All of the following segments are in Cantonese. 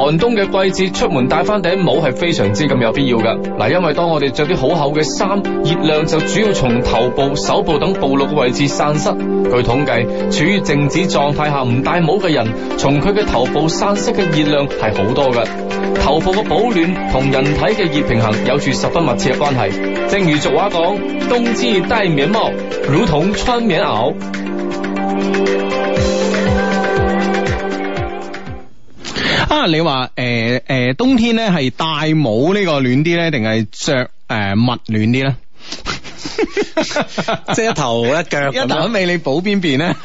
寒冬嘅季節，出門戴帶翻頂帽係非常之咁有必要㗎。嗱，因為當我哋着啲好厚嘅衫，熱量就主要從頭部、手部等暴露嘅位置散失。據統計，處於靜止狀態下唔戴帽嘅人，從佢嘅頭部散失嘅熱量係好多㗎。頭部嘅保暖同人體嘅熱平衡有住十分密切嘅關係。正如俗話講，冬至戴棉帽，如同穿棉襖。啊！你話誒誒，冬天咧係戴帽呢個暖啲咧，定係着誒襪暖啲咧？即係 一頭一腳，一頭一尾，你補邊邊咧？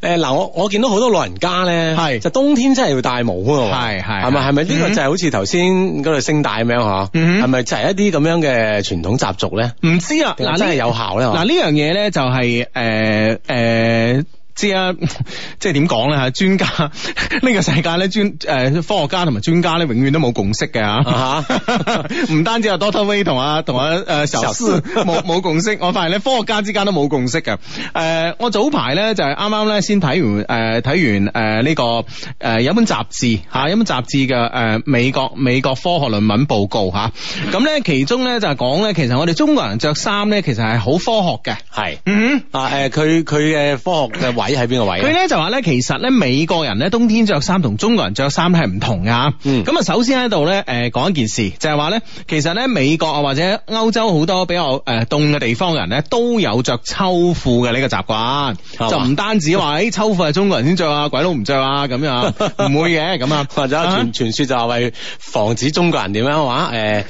誒，嗱，我我見到好多老人家咧，是就冬天真係要戴帽噶喎。係係係咪？係咪？呢吧個就係好似頭先嗰度聖誕咁樣嗬？係咪就係一啲咁樣嘅傳統習俗咧？唔知啊，嗱，真係有效咧。嗱，呃，呢樣嘢咧就係誒誒。呃呃呃呃知啊，即係點講咧吓？專家呢、這個世界咧專誒，科學家同埋專家咧永遠都冇共識嘅吓、啊，唔 單止阿 Doctor We 同阿同阿誒 Sachs 冇冇共識，我發現咧科學家之間都冇共識嘅。誒、呃，我早排咧就係啱啱咧先睇完誒睇、呃、完誒呢、呃這個誒有本雜誌吓，有本雜誌嘅誒美國美國科學論文報告吓，咁、啊、咧其中咧就係講咧，其實我哋中國人着衫咧，其實係好科學嘅。係是，嗯哼，啊誒，佢佢嘅科學嘅環。喺邊個位呢？佢咧就話咧，其實咧美國人咧冬天着衫同中國人着衫咧係唔同噶咁啊，嗯、首先喺度咧，誒、呃、講一件事，就係話咧，其實咧美國啊或者歐洲好多比較誒凍嘅地方嘅人咧，都有着秋褲嘅呢個習慣。就唔單止話誒秋褲係中國人先着啊，鬼佬唔着啊咁樣，唔會嘅咁啊，或者傳傳說就係為防止中國人點樣話誒、欸，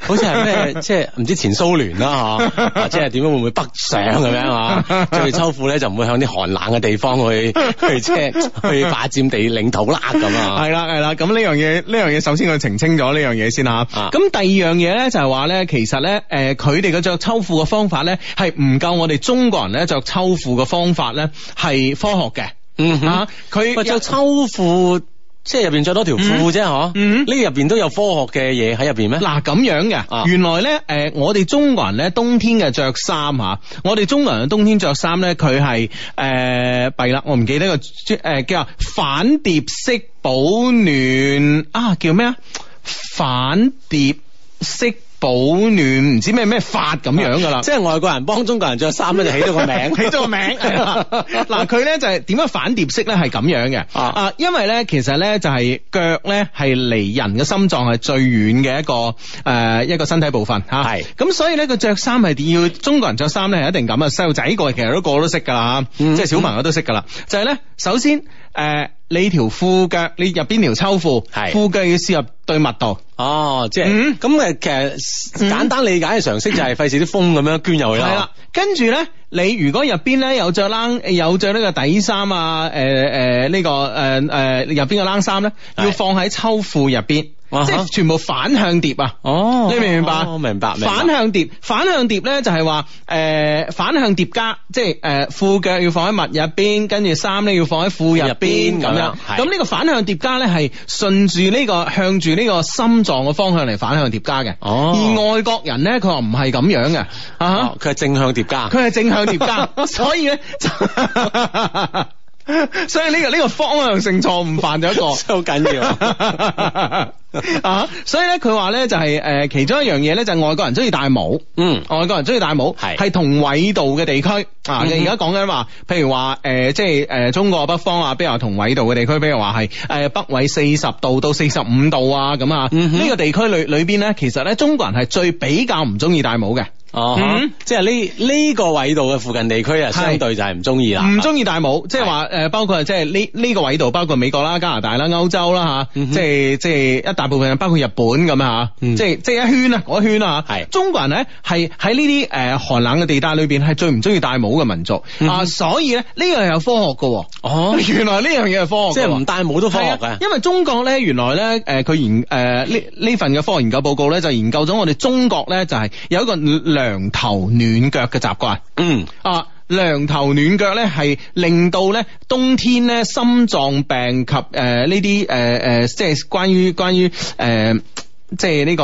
好似係咩即係唔知前蘇聯啦吓，即係點樣會唔會北上咁樣啊？着、啊、住 秋褲咧就唔會向啲寒冷。地方去去爭去霸佔地領土啦咁啊，係啦係啦，咁呢樣嘢呢樣嘢，首先我澄清咗呢樣嘢先吓，咁第二樣嘢咧就係話咧，其實咧誒，佢哋嘅着秋褲嘅方法咧係唔夠我哋中國人咧着秋褲嘅方法咧係科學嘅，嗯吓，佢着秋褲。即係入邊着多條褲啫，嗬、嗯？呢入邊都有科學嘅嘢喺入邊咩？嗱咁、啊、樣嘅，原來咧，誒、呃，我哋中國人咧冬天嘅着衫吓，我哋中國人冬天着衫咧，佢係誒弊啦，我唔、呃、記得個誒、呃、叫反疊式保暖啊，叫咩啊？反疊式。保暖唔知咩咩法咁、嗯、樣噶啦，即係外國人幫中國人着衫咧就起咗個名，起咗個名。嗱佢咧就係、是、點樣反疊式咧係咁樣嘅，啊，啊，因為咧其實咧就係腳咧係離人嘅心臟係最遠嘅一個誒、呃、一個身體部分吓，係、啊，咁是所以咧個着衫係點要中國人着衫咧係一定咁啊，細路仔個其實都個個都識噶啦，即係、嗯嗯、小朋友都識噶啦，就係、是、咧、就是、首先。誒、呃，你條褲腳，你入邊條秋褲，褲腳是要攝入對襪度。哦，即係咁誒，嗯嗯、其實簡單理解嘅常識就係費事啲風咁樣捐入去啦。係啦，跟住咧，你如果入邊咧有着冷，有着呢個底衫啊，誒誒呢個誒誒入邊嘅冷衫咧，要放喺秋褲入邊。是即係全部反向疊啊！哦，你明唔、哦、明白？明白。反向疊，反向疊咧就係話，誒、呃、反向疊加，即係誒褲腳要放喺襪入邊，跟住衫咧要放喺褲入邊咁樣。咁呢樣是、呢個反向疊加咧係順住呢個向住呢、呢個、個心臟嘅方向嚟反向疊加嘅。哦。而外國人咧，佢話唔係咁樣嘅，啊嚇！佢係正向疊加，佢係正向疊加，所以咧。所以呢個呢個方向性錯誤犯咗一個，好緊要啊， 啊！所以咧，佢話咧就係、是、誒，其中一樣嘢咧就係外國人中意戴帽，嗯，外國人中意戴帽係，係是同緯度嘅地區啊。你而家講緊話，譬如話誒、呃，即係誒、呃，中國北方啊，比如話同緯度嘅地區，比如話係誒北緯四十度到四十五度啊，咁啊，呢、嗯、哼個地區裏裏邊咧，其實咧中國人係最比較唔中意戴帽嘅。哦，即係呢呢個緯度嘅附近地區啊，相對就係唔中意啦，唔中意戴帽，即係話誒，包括即係呢呢個緯度，包括美國啦、加拿大啦、歐洲啦吓，即係即係一大部分，包括日本咁吓，即係即係一圈啊，嗰圈啊吓，係中國人咧係喺呢啲誒寒冷嘅地帶裡邊係最唔中意戴帽嘅民族啊，所以咧呢樣係有科學噶，哦，原來呢樣嘢係科學，即係唔戴帽都科學噶，因為中國咧原來咧誒佢研誒呢呢份嘅科學研究報告咧就研究咗我哋中國咧就係有一個涼頭暖腳嘅習慣，嗯啊、呃呃呃這個，啊，涼頭暖腳咧係令到咧冬天咧心臟病及誒呢啲誒誒，即係關於關於誒，即係呢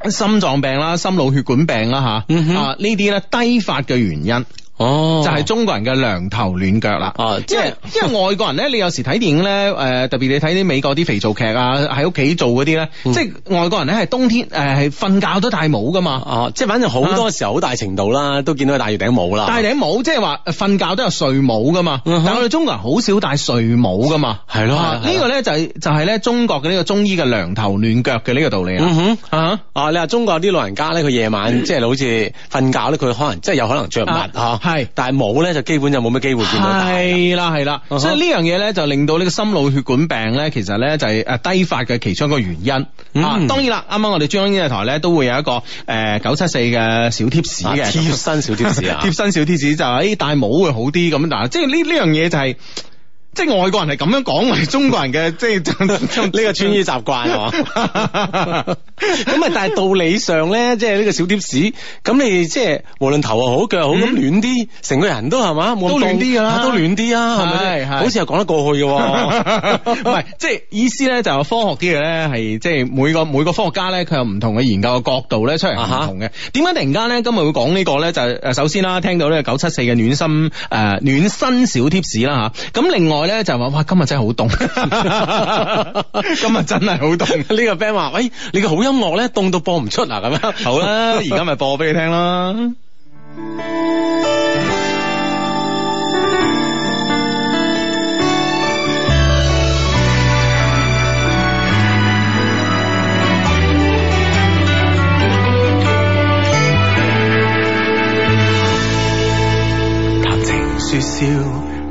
個心臟病啦、心腦血管病啦吓，啊呢啲咧低發嘅原因。哦，就係中國人嘅涼頭暖腳啦，啊，即、就、係、是、因，因為外國人咧，你有時睇電影咧，誒、呃、特別你睇啲美國啲肥皂劇啊，喺屋企做嗰啲咧，嗯、即係外國人咧係冬天誒係瞓覺都戴帽噶嘛，啊，即係反正好多時候好大程度啦，都見到佢戴月頂帽啦。戴頂帽即係話瞓覺都有睡帽噶嘛，嗯、哼但係我哋中國人好少戴睡帽噶嘛，係咯、嗯哼，啊這個、呢個咧就係就係咧中國嘅呢個中醫嘅涼頭暖腳嘅呢個道理啊、嗯。啊，你話中國啲老人家咧，佢夜晚即係 好似瞓覺咧，佢可能即係、就是、有可能着唔密係，但係冇咧就基本就冇咩機會見到。係啦，係啦，uh huh. 所以呢樣嘢咧就令到呢個心腦血管病咧，其實咧就係誒低發嘅其中一個原因。嗯、啊，當然啦，啱啱我哋中央日台咧都會有一個誒九七四嘅小貼士嘅貼、啊、身小貼士啊，貼 身小貼士， 貼身小貼士就係誒戴帽會好啲咁，但係即係呢呢樣嘢就係、是。即係外國人係咁樣講，係中國人嘅，即係呢個穿衣習慣，係嘛？咁啊，但係道理上咧，即係呢個小貼士，咁你即係無論頭又好腳又好，咁暖啲，成個人都係嘛？都暖啲噶啦，都暖啲啊，係咪？係係，好似又講得過去嘅。唔係，即係意思咧，就科學啲嘅咧，係即係每個每個科學家咧，佢有唔同嘅研究嘅角度咧，出嚟唔同嘅。點解突然間咧，今日會講呢個咧？就誒，首先啦，聽到呢個九七四嘅暖心誒暖身」小貼士啦吓，咁另外。我咧就話，是，哇！今日真係好凍，今日真係好凍。呢個 band 話，喂，你個好音樂咧，凍到播唔出啊！咁樣，好啦，而家咪播俾你聽啦。談情說笑。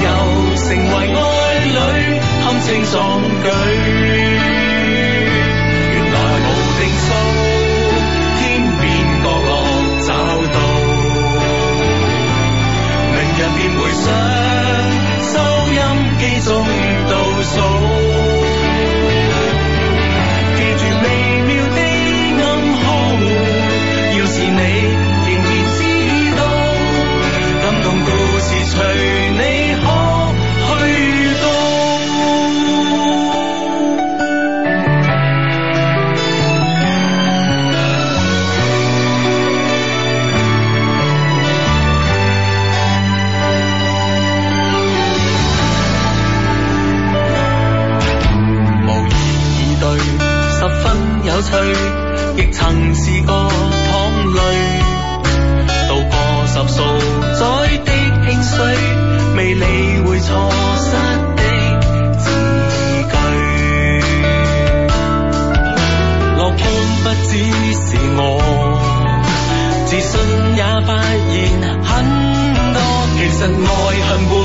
又成為愛侶，堪稱壯舉。曾試過淌淚，渡過十數載的興衰，未理會錯失的字句。樂觀不只是我，自信也發現很多。其實愛。恨。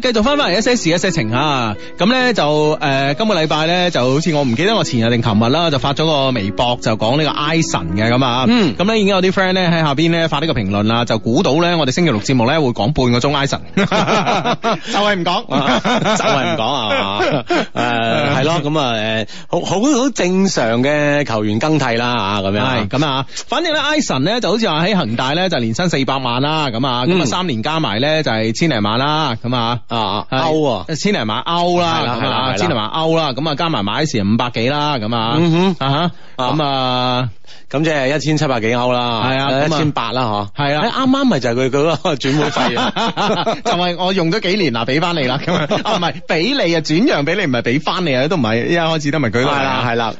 繼續翻翻嚟一些事一些情吓，咁咧就誒，今個禮拜咧就好似我唔記得我前日定琴日啦，就發咗個微博就講呢個埃神嘅咁啊，嗯，咁咧已經有啲 friend 咧喺下邊咧發呢個評論啦，就估到咧我哋星期六節目咧會講半個鐘埃神，就係唔講，就係唔講啊，誒係咯，咁啊誒，好好好正常嘅球員更替啦啊，咁樣係，咁啊，反正咧埃神咧就好似話喺恒大咧就年薪四百萬啦，咁啊，咁啊三年加埋咧就係千零萬啦，咁啊。啊，歐，千零萬歐啦，係啦，千零萬歐啦，咁啊加埋買時五百幾啦，咁啊，咁啊，咁即係一千七百幾歐啦，係啊，一千八啦，嗬，係啦，啱啱咪就佢佢個轉會費，就係我用咗幾年啦，俾翻你啦，咁啊，唔係俾你啊，轉讓俾你，唔係俾翻你啊，都唔係一開始都唔係佢。係啦，係啦，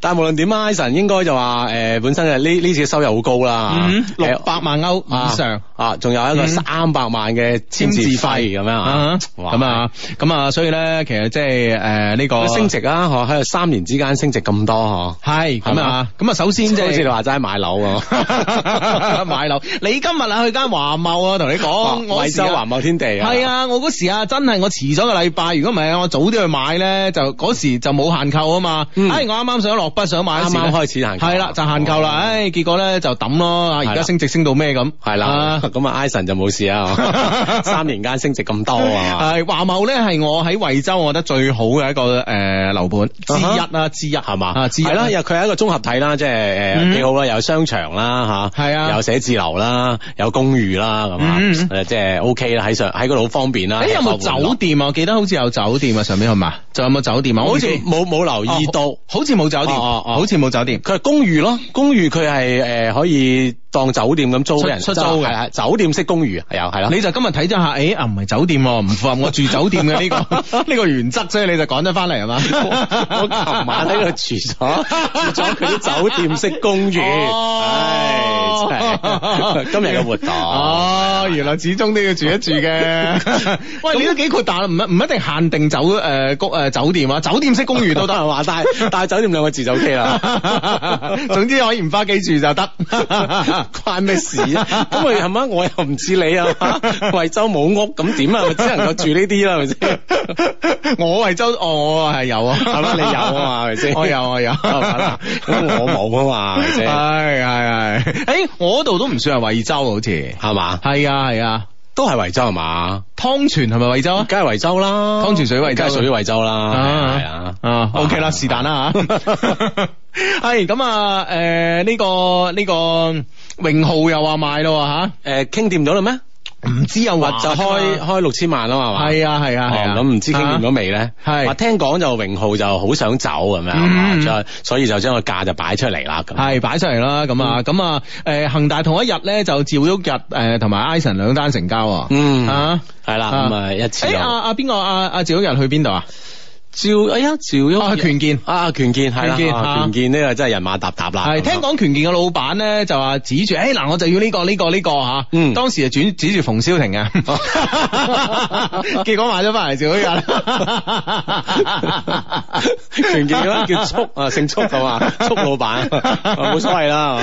但係無論點啊，Eson 應該就話誒，本身呢呢次嘅收入好高啦，六百萬歐以上啊，仲有一個三百萬嘅簽字費咁樣咁啊，咁啊，所以咧，其實即係誒呢個升值啊，嗬喺三年之間升值咁多嗬，係咁啊，咁啊，首先即好似你話齋買樓，買樓，你今日啊去間華茂啊，同你講，我維修華茂天地，係啊，我嗰時啊真係我遲咗個禮拜，如果唔係我早啲去買咧，就嗰時就冇限購啊嘛，唉，我啱啱想落筆想買，啱啱開始限，係啦，就限購啦，唉，結果咧就抌咯，而家升值升到咩咁，係啦，咁啊，Isen 就冇事啊，三年間升值咁多。係華、啊、茂咧，係我喺惠州我覺得最好嘅一個誒樓盤之一啦、啊，之一係嘛？係啦，又佢係一個綜合體啦，即係誒幾好啦，有商場啦吓，係啊，啊有寫字樓啦，有公寓啦咁啊，嗯、即係 OK 啦，喺上喺度好方便啦。誒、欸、有冇酒店啊？我記得好似有酒店啊，上面係嘛？仲有冇酒店啊？好似冇冇留意到，啊、好似冇酒店，哦哦、啊，啊啊啊、好似冇酒店。佢係公寓咯，公寓佢係誒可以。當酒店咁租俾人出租嘅酒店式公寓，係啊，係咯。你就今日睇咗下，誒、哎、啊，唔係酒店喎，唔符合我住酒店嘅呢、呢個呢 個原則，所以你就講得翻嚟係嘛。 我琴晚喺度住咗 住咗佢啲酒店式公寓，係、哦。今日嘅活動哦，原來始終都要住一住嘅。喂，你都幾豁達啦，唔唔一定限定酒誒公誒酒店啊，酒店式公寓都得，人話，但係但酒店兩個字就 OK 啦。總之可以唔花記住就得，關咩事啊？咁係嘛？我又唔似你啊，惠州冇屋咁點啊？只能夠住呢啲啦，係咪先？我惠州我係有啊，係嘛？你有啊嘛，係咪先？我有啊有，咁我冇啊嘛，係咪先？係係係，我度都唔算係惠州好似係嘛，係啊係啊，都係惠州係嘛，湯泉係咪惠州啊？梗係惠州啦，湯泉水位梗係屬於惠州啦。係啊，啊 OK 啦，是但啦吓。係咁啊，誒呢個呢、這個榮、這個、浩又話賣咯吓，誒傾掂咗啦咩？呃唔知有核就開哇開六千萬咯，係嘛？係啊，係啊，係、嗯、啊。咁唔知傾掂咗未咧？係。話聽講就榮浩就好想走咁樣，就所以就將個價就擺出嚟啦。係擺出嚟啦，咁啊，咁啊，誒恒大同一日咧就趙旭日誒同埋埃神兩單成交。嗯啊，係啦、啊，咁啊一次。誒阿阿邊個阿阿趙旭日去邊度啊？趙哎呀，趙趙旭日啊，權健啊，權健係啦，權健呢個真係人馬沓沓啦。係聽講權健嘅老闆咧就話指住，誒嗱，我就要呢個呢個呢個吓。嗯，當時就轉指住馮瀟霆啊，結果買咗翻嚟趙趙旭日噶啦。權健叫速啊，姓速噶嘛，速老闆，冇所謂啦，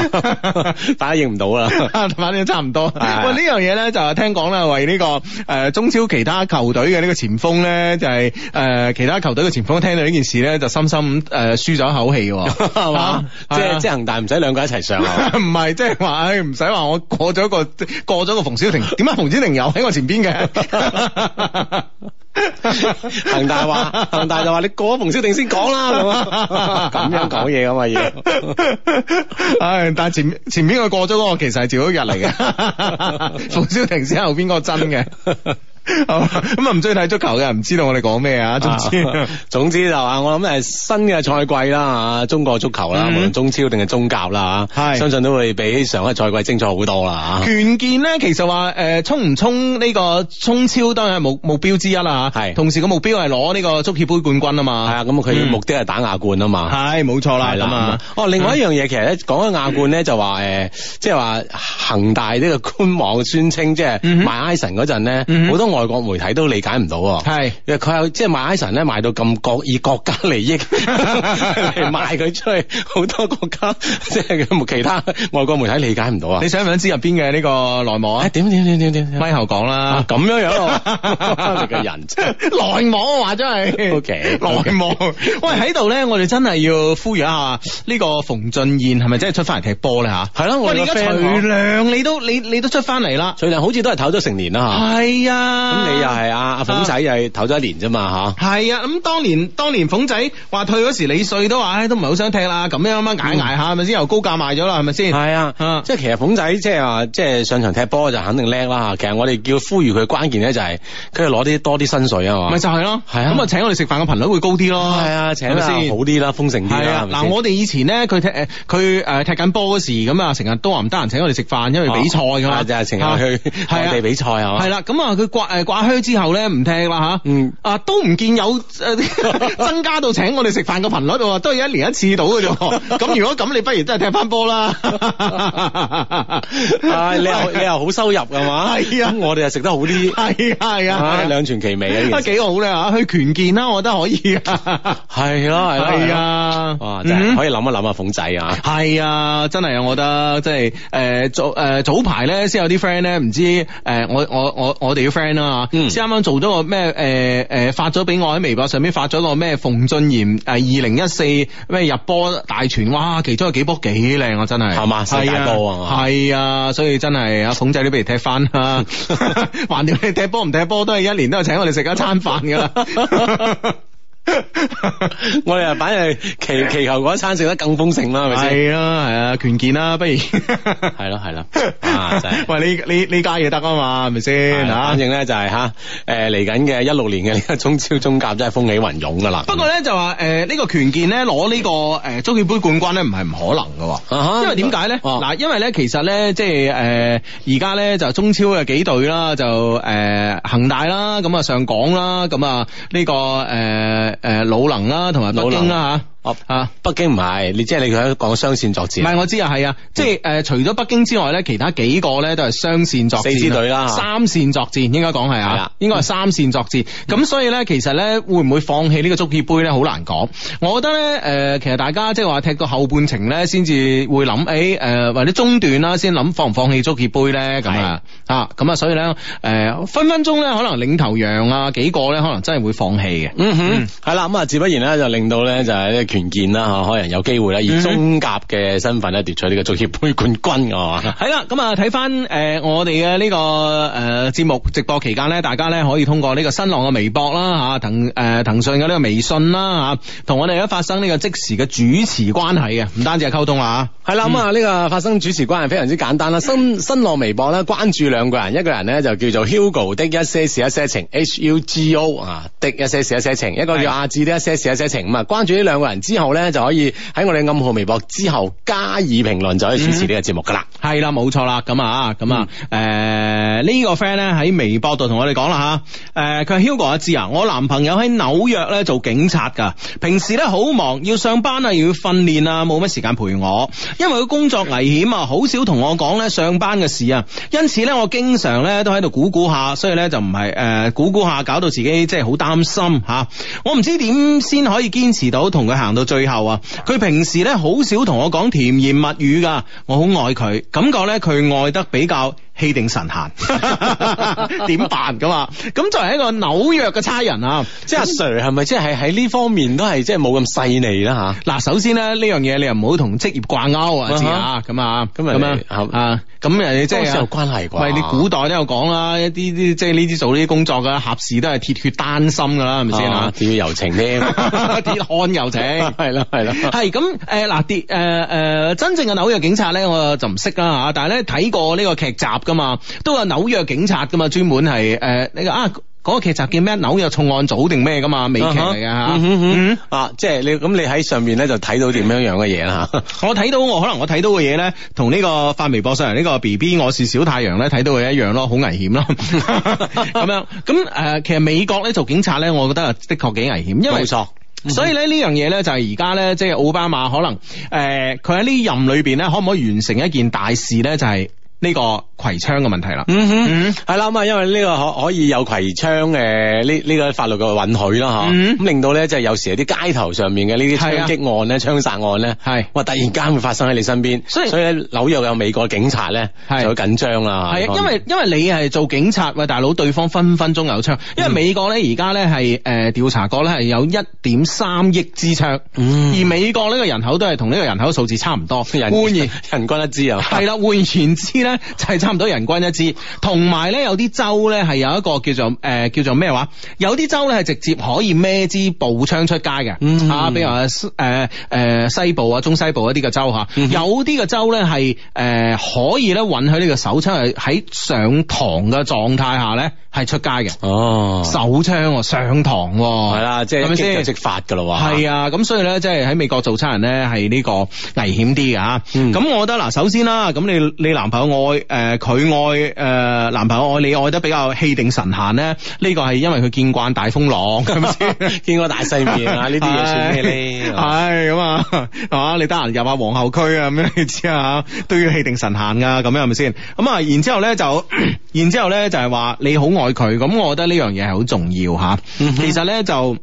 大家認唔到啦，反正差唔多。喂，呢樣嘢咧就係聽講啦，為呢個誒中超其他球隊嘅呢個前鋒咧就係誒其他球隊。呢個前鋒聽到呢件事咧，就深深咁誒，舒、呃、咗一口氣，係嘛？ 即係即係恆大唔使兩個一齊上，唔係即係話誒，唔使話我過咗個過咗個馮小婷，點解馮小婷又喺我前邊嘅？恆 大話恆大就話你過咗馮小婷先講啦，係嘛？ 咁樣講嘢咁啊要？誒，但係前前邊個過咗嗰個其實係趙旭日嚟嘅。馮 小婷先係後邊個真嘅。 咁啊唔中意睇足球嘅，唔知道我哋講咩啊，總之總之就啊，我諗誒新嘅賽季啦吓，中國足球啦，無論中超定係中甲啦吓，係相信都會比上一賽季精彩好多啦吓。權健咧，其實話誒衝唔衝呢個中超當然係目目標之一啦係，同時個目標係攞呢個足協杯冠軍啊嘛係啊，咁佢目的係打亞冠啊嘛係冇錯啦係嘛？哦另外一樣嘢其實咧，講起亞冠咧，就話誒即係話恒大呢個官網宣稱即係買埃神嗰陣咧好多。外國媒體都理解唔到，啊。係佢有即係麥凱臣咧賣到咁國，以國家利益嚟賣佢出去，好多國家即係其他外國媒體理解唔到啊！你想唔想知入邊嘅呢個內幕啊？點點點點點，咪後講啦，咁樣樣我哋個人，即係內幕啊！話真係，O K 內幕，喂喺度咧，我哋真係要呼籲一下呢個馮俊彥係咪真係出翻嚟踢波咧吓？係咯，喂你而家徐亮，你都你你都出翻嚟啦，徐亮好似都係唞咗成年啦吓，係啊。咁你又係阿阿鳳仔又係唞咗一年啫嘛嚇，係啊！咁當年當年鳳仔話退嗰時李帥都話，唉，都唔係好想踢啦，咁樣啊嘛，捱捱下係咪先？又高價賣咗啦，係咪先？係啊，即係其實鳳仔即係啊，即係上場踢波就肯定叻啦。其實我哋叫呼籲佢關鍵咧就係，佢要攞啲多啲薪水啊嘛。咪就係咯，係啊。咁啊，請我哋食飯嘅頻率會高啲咯。係啊，請啊，好啲啦，豐盛啲啦。嗱，我哋以前咧，佢踢誒，佢誒踢緊波嗰時咁啊，成日都話唔得閒請我哋食飯，因為比賽噶嘛，就係成日去我哋比賽係嘛。係啦，咁啊，佢刮。誒，掛靴之後咧唔聽啦吓，嗯啊都唔見有誒，增加到請我哋食飯嘅頻率喎，都係一年一次到嘅啫喎。咁如果咁，你不如真係踢翻波啦。你又你又好收入㗎嘛？係啊，我哋又食得好啲。係啊係啊，兩全其美啊，都幾好咧嚇。去拳健啦，我覺得可以。係咯係啊，哇，可以諗一諗啊，鳳仔啊。係啊，真係啊，我覺得即係誒，早誒，早排咧，先有啲 friend 咧，唔知誒，我我我我哋啲 friend 啦。啊！先啱啱做咗個咩？誒、呃、誒、呃，發咗俾我喺微博上面，發咗個咩？馮俊賢誒，二零一四咩入波大全，哇！其中有幾波幾靚啊，真係係嘛？係大波啊，係啊，啊，啊，所以真係阿鳳仔都俾人踢翻，橫掂 你踢波唔踢波，都係一年都係請我哋食一餐飯噶啦。 我哋又反係祈祈求嗰餐食得更豐盛啦，係咪先？係啊，係啊，權健啦，不如係咯，係啦，啊，啊 喂，你你你介意得啊嘛，係咪先？啊，反正咧就係、是，吓，誒嚟緊嘅一六年嘅呢個中超中甲真係風起雲湧噶啦。 不過咧就話誒呢個權健咧攞呢、這個誒足協杯冠軍咧唔係唔可能噶，因為點解咧？嗱，因為咧其實咧即係誒而家咧就中超嘅幾隊啦，啊、就誒恒大啦，咁、嗯嗯、啊上港啦，咁、嗯、啊呢個誒。誒魯、呃、能啦、啊，同埋北京啦吓。啊！北京唔係，你即係你佢喺講雙線作戰。唔係，我知啊，係啊，即係誒、呃，除咗北京之外咧，其他幾個咧都係雙線作戰。四支隊啦，三線作戰應該講係啊，應該係三線作戰。咁所以咧，其實咧會唔會放棄呢個足協盃咧，好難講。我覺得咧誒、呃，其實大家即係話踢到後半程咧，先至會諗誒誒，或者中段啦，先諗放唔放棄足協盃咧咁啊啊咁啊，所以咧誒、呃、分分鐘咧，可能領頭羊啊幾個咧，可能真係會放棄嘅。嗯哼，係啦，咁啊，自不然咧就令到咧就係、是。團建啦，吓可能有機會咧，以中甲嘅身份咧奪取呢個足協盃冠軍，係嘛？係啦，咁啊睇翻誒我哋嘅呢個誒節目直播期間咧，大家咧可以通過呢個新浪嘅微博啦，吓騰誒騰訊嘅呢個微信啦，吓同我哋而家發生呢個即時嘅主持關係嘅，唔單止係溝通啊，吓係啦，咁啊呢個發生主持關係非常之簡單啦，新新浪微博咧關注兩個人，一個人咧就叫做 Hugo 的一些事一些情，H U G O 啊的一些事一些情，一個叫阿志的一些事一些情，咁啊關注呢兩個人。之後咧就可以喺我哋暗號微博之後加以評論，就可以支持呢個節目噶啦。係啦、嗯，冇錯啦。咁啊，咁啊，誒呢、嗯呃，這個 friend 咧喺微博度同我哋講啦吓，誒佢係 Hugo 阿志啊，我男朋友喺紐約咧做警察噶，平時咧好忙要上班啊，又要訓練啊，冇乜時間陪我。因為佢工作危險啊，好少同我講咧上班嘅事啊，因此咧我經常咧都喺度估估下，所以咧就唔係誒估估下搞到自己即係好擔心吓、啊。我唔知點先可以堅持到同佢行。到最後啊，佢平時咧好少同我講甜言蜜語噶，我好愛佢，感覺咧佢愛得比較氣定神閒，點 辦噶嘛？咁作為一個紐約嘅差人啊，那即係阿 Sir 係咪即係喺呢方面都係即係冇咁細膩啦吓？嗱、啊，首先咧呢樣嘢你又唔好同職業掛鈎啊，哈啊，知樣啊？咁啊咁啊咁樣啊。咁人即係有關係啩，唔係你古代都有講啦，一啲啲即係呢啲做呢啲工作嘅俠士都係鐵血丹心㗎啦，係咪先啊？鐵血柔情添， 鐵漢柔情，係啦係啦，係咁誒嗱，鐵誒誒真正嘅紐約警察咧，我就唔識啦嚇，但係咧睇過呢個劇集㗎嘛，都有紐約警察㗎嘛，專門係誒呢個啊。嗰個劇集叫咩？紐約重案組定咩噶嘛？美劇嚟㗎吓，啊，嗯嗯、啊，即係你咁你喺上面咧就睇到點樣樣嘅嘢啦，我睇到我可能我睇到嘅嘢咧，同呢個發微博上嚟呢、這個 B B 我是小太陽咧睇到嘅一樣咯，好危險咯，咁 樣。咁、嗯、誒，其實美國咧做警察咧，我覺得啊的確幾危險，因為冇錯、嗯、所以咧呢樣嘢咧就係而家咧即係奧巴馬可能誒佢喺呢任裏邊咧可唔可以完成一件大事咧？就係、是、呢、這個。攜槍嘅問題啦，嗯哼，係啦咁啊，因為呢個可可以有攜槍誒，呢呢個法律嘅允許啦，吓，咁令到咧即係有時有啲街頭上面嘅呢啲槍擊案咧，槍殺案咧，係，哇，突然間會發生喺你身邊，所以所以紐約有美國警察咧就好緊張啦，係，因為因為你係做警察，喂大佬，對方分分鐘有槍，因為美國咧而家咧係誒調查過咧係有一點三億支槍，嗯，而美國呢個人口都係同呢個人口數字差唔多，換言人均一支啊，係啦，換言之咧就係差。咁多人均一支，同埋咧有啲州咧係有一個叫做誒、呃、叫做咩話，有啲州咧係直接可以孭支步槍出街嘅，啊、嗯哼，比如話誒誒西部啊中西部一啲嘅州吓，有啲嘅州咧係誒可以咧允許呢個手槍係喺上膛嘅狀態下咧。係出街嘅。哦，手槍，上堂係啦，即係激到直發噶咯，係啊，咁所以咧，即係喺美國做差人咧，係呢個危險啲嘅。咁我覺得嗱，首先啦，咁你你男朋友愛誒，佢、呃、愛誒、呃，男朋友愛你愛得比較氣定神閒咧，呢、這個係因為佢見慣大風浪，係咪先？見過大世面啊，呢啲嘢算咩咧？係咁啊，啊，你得閒入下皇后區啊，咩你知啊？都要氣定神閒噶，咁樣係咪先？咁啊，然之後咧就，然之後咧就係話你好我。 愛佢，咁我覺得呢樣嘢係好重要吓。其實咧就。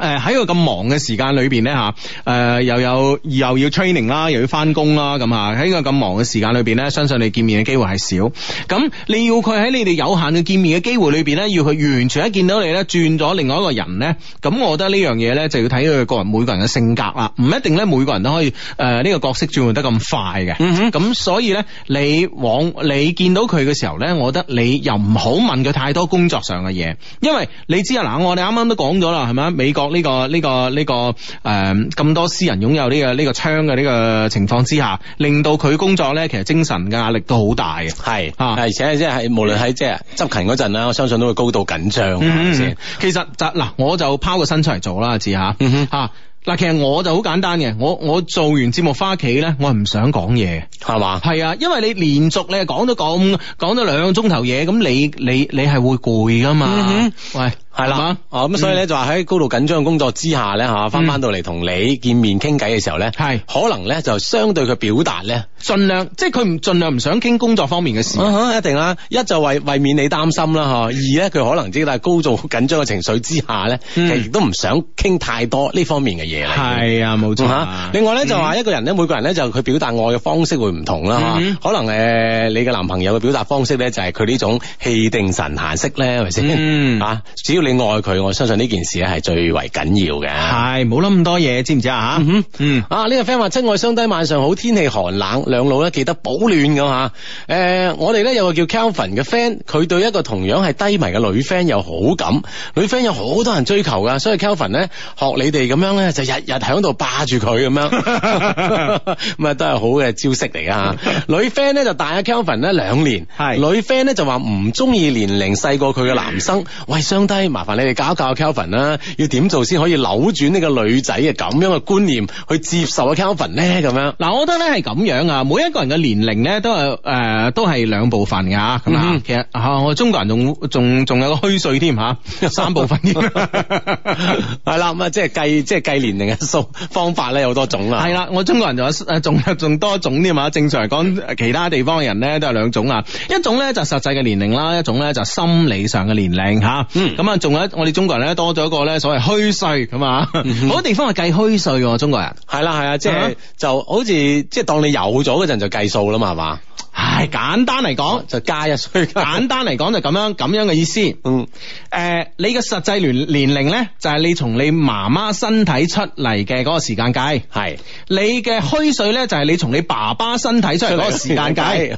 誒喺、呃、個咁忙嘅時間裏邊咧吓，誒、呃、又有又要 training 啦，又要翻工啦，咁啊喺個咁忙嘅時間裏邊咧，相信你見面嘅機會係少。咁你要佢喺你哋有限嘅見面嘅機會裏邊咧，要佢完全一見到你咧轉咗另外一個人咧，咁我覺得呢樣嘢咧就要睇佢個人，每個人嘅性格啦，唔一定咧每個人都可以誒呢、呃這個角色轉換得咁快嘅。咁、嗯、哼所以咧你往你見到佢嘅時候咧，我覺得你又唔好問佢太多工作上嘅嘢，因為你知啊嗱，我哋啱啱都講咗啦，係咪美國？呢個呢個呢個誒，呃，咁多私人擁有呢個呢個槍嘅呢個情況之下，令到佢工作咧，其實精神嘅壓力都好大嘅。係是啊，而且即係無論喺即係執勤嗰陣啦，我相信都會高度緊張，係咪先，嗯哼嗯？其實就嗱，我就拋個身出嚟做啦，試下吓。吓，啊，嗱，其實我就好簡單嘅，我我做完節目翻屋企咧，我係唔想講嘢，係嘛？係啊，因為你連續你講咗講講咗兩個鐘頭嘢，咁你你你係會攰噶嘛？嗯、哼喂。係啦，哦咁所以咧就話喺高度緊張嘅工作之下咧吓，翻翻到嚟，同你見面傾偈嘅時候咧，係可能咧就相對佢表達咧，盡量即係佢唔盡量唔想傾工作方面嘅事。一定啦，一就為為免你擔心啦，嗬。二咧佢可能只係高度緊張嘅情緒之下咧，其實亦都唔想傾太多呢方面嘅嘢嚟。係啊，冇錯。吓，另外咧就話一個人咧，每個人咧就佢表達愛嘅方式會唔同啦，嗬。可能誒，你嘅男朋友嘅表達方式咧就係佢呢種氣定神閒式咧，係咪先？啊，只要你。愛佢，我相信呢件事咧係最為緊要嘅。係，冇諗咁多嘢，知唔知啊？吓、嗯哼，嗯啊呢、呢個 friend 話：，親愛上低，晚上好，天氣寒冷，兩老咧記得保暖咁吓。誒、啊啊，我哋咧有個叫 Calvin 嘅 friend，佢對一個同樣係低迷嘅女 friend 有好感，女 friend 有好多人追求噶，所以 Calvin 咧學你哋咁樣咧就日日響度霸住佢咁樣，咁啊 都係好嘅招式嚟噶吓。啊、 女 friend 咧就大阿 Calvin 咧兩年，係， 呢是女 friend 咧 就話唔中意年齡細過佢嘅男生。喂， 上低。麻煩你哋教一教 Kelvin 啦，要點做先可以扭轉呢個女仔嘅咁樣嘅觀念去接受啊 Kelvin 咧咁樣。嗱、嗯哼，我覺得咧係咁樣啊，每一個人嘅年齡咧都係誒，都係兩部分噶咁啊。其實啊，我中國人仲仲仲有個虛歲添吓，三部分添。係啦，咁啊，即係計即係計年齡嘅數方法咧有多種啦。係啦，我中國人仲啊仲仲多種添啊。正常嚟講，其他地方嘅人咧都係兩種啊，一種咧就實際嘅年齡啦，一種咧就心理上嘅年齡吓。咁啊。嗯仲有我哋中國人咧，多咗一個咧所謂虛歲咁啊！好、嗯、哼多地方係計虛歲喎，中國人係啦係啊，即係、就是、的就好似即係當你有咗嗰陣就計數啦嘛，係嘛？ 唉，簡單嚟講、哦、就加一歲， 簡單嚟講就咁樣咁樣嘅意思。嗯，誒、呃，你嘅實際年年齡咧，就係、是、你從你媽媽身體出嚟嘅嗰個時間計。係是，你嘅虛歲咧，就係、是、你從你爸爸身體出嚟嗰個時間計。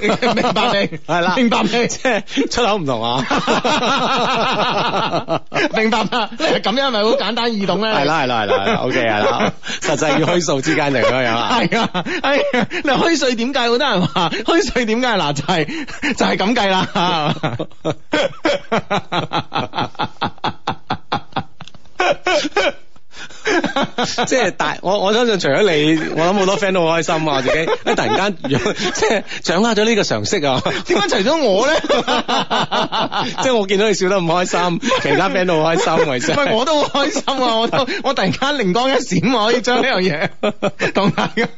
明白未？係啦，明白未？即係出口唔同啊。明白，咁樣係咪好簡單易懂咧？係啦係啦係啦，OK 係啦，實際與虛數之間就咁樣啊。係啊， 唉，你虛歲點計好多人？開稅點解？嗱，就係就係咁計啦。即係大我我相信，除咗你，我諗好多 friend 都好開心啊！自己，一突然間，即係掌握咗呢個常識啊！點解除咗我咧？即係我見到你笑得唔開心，其他 friend 都好開心。咪我都好開心啊！我我突然間靈光一閃，可以將呢樣嘢講大家。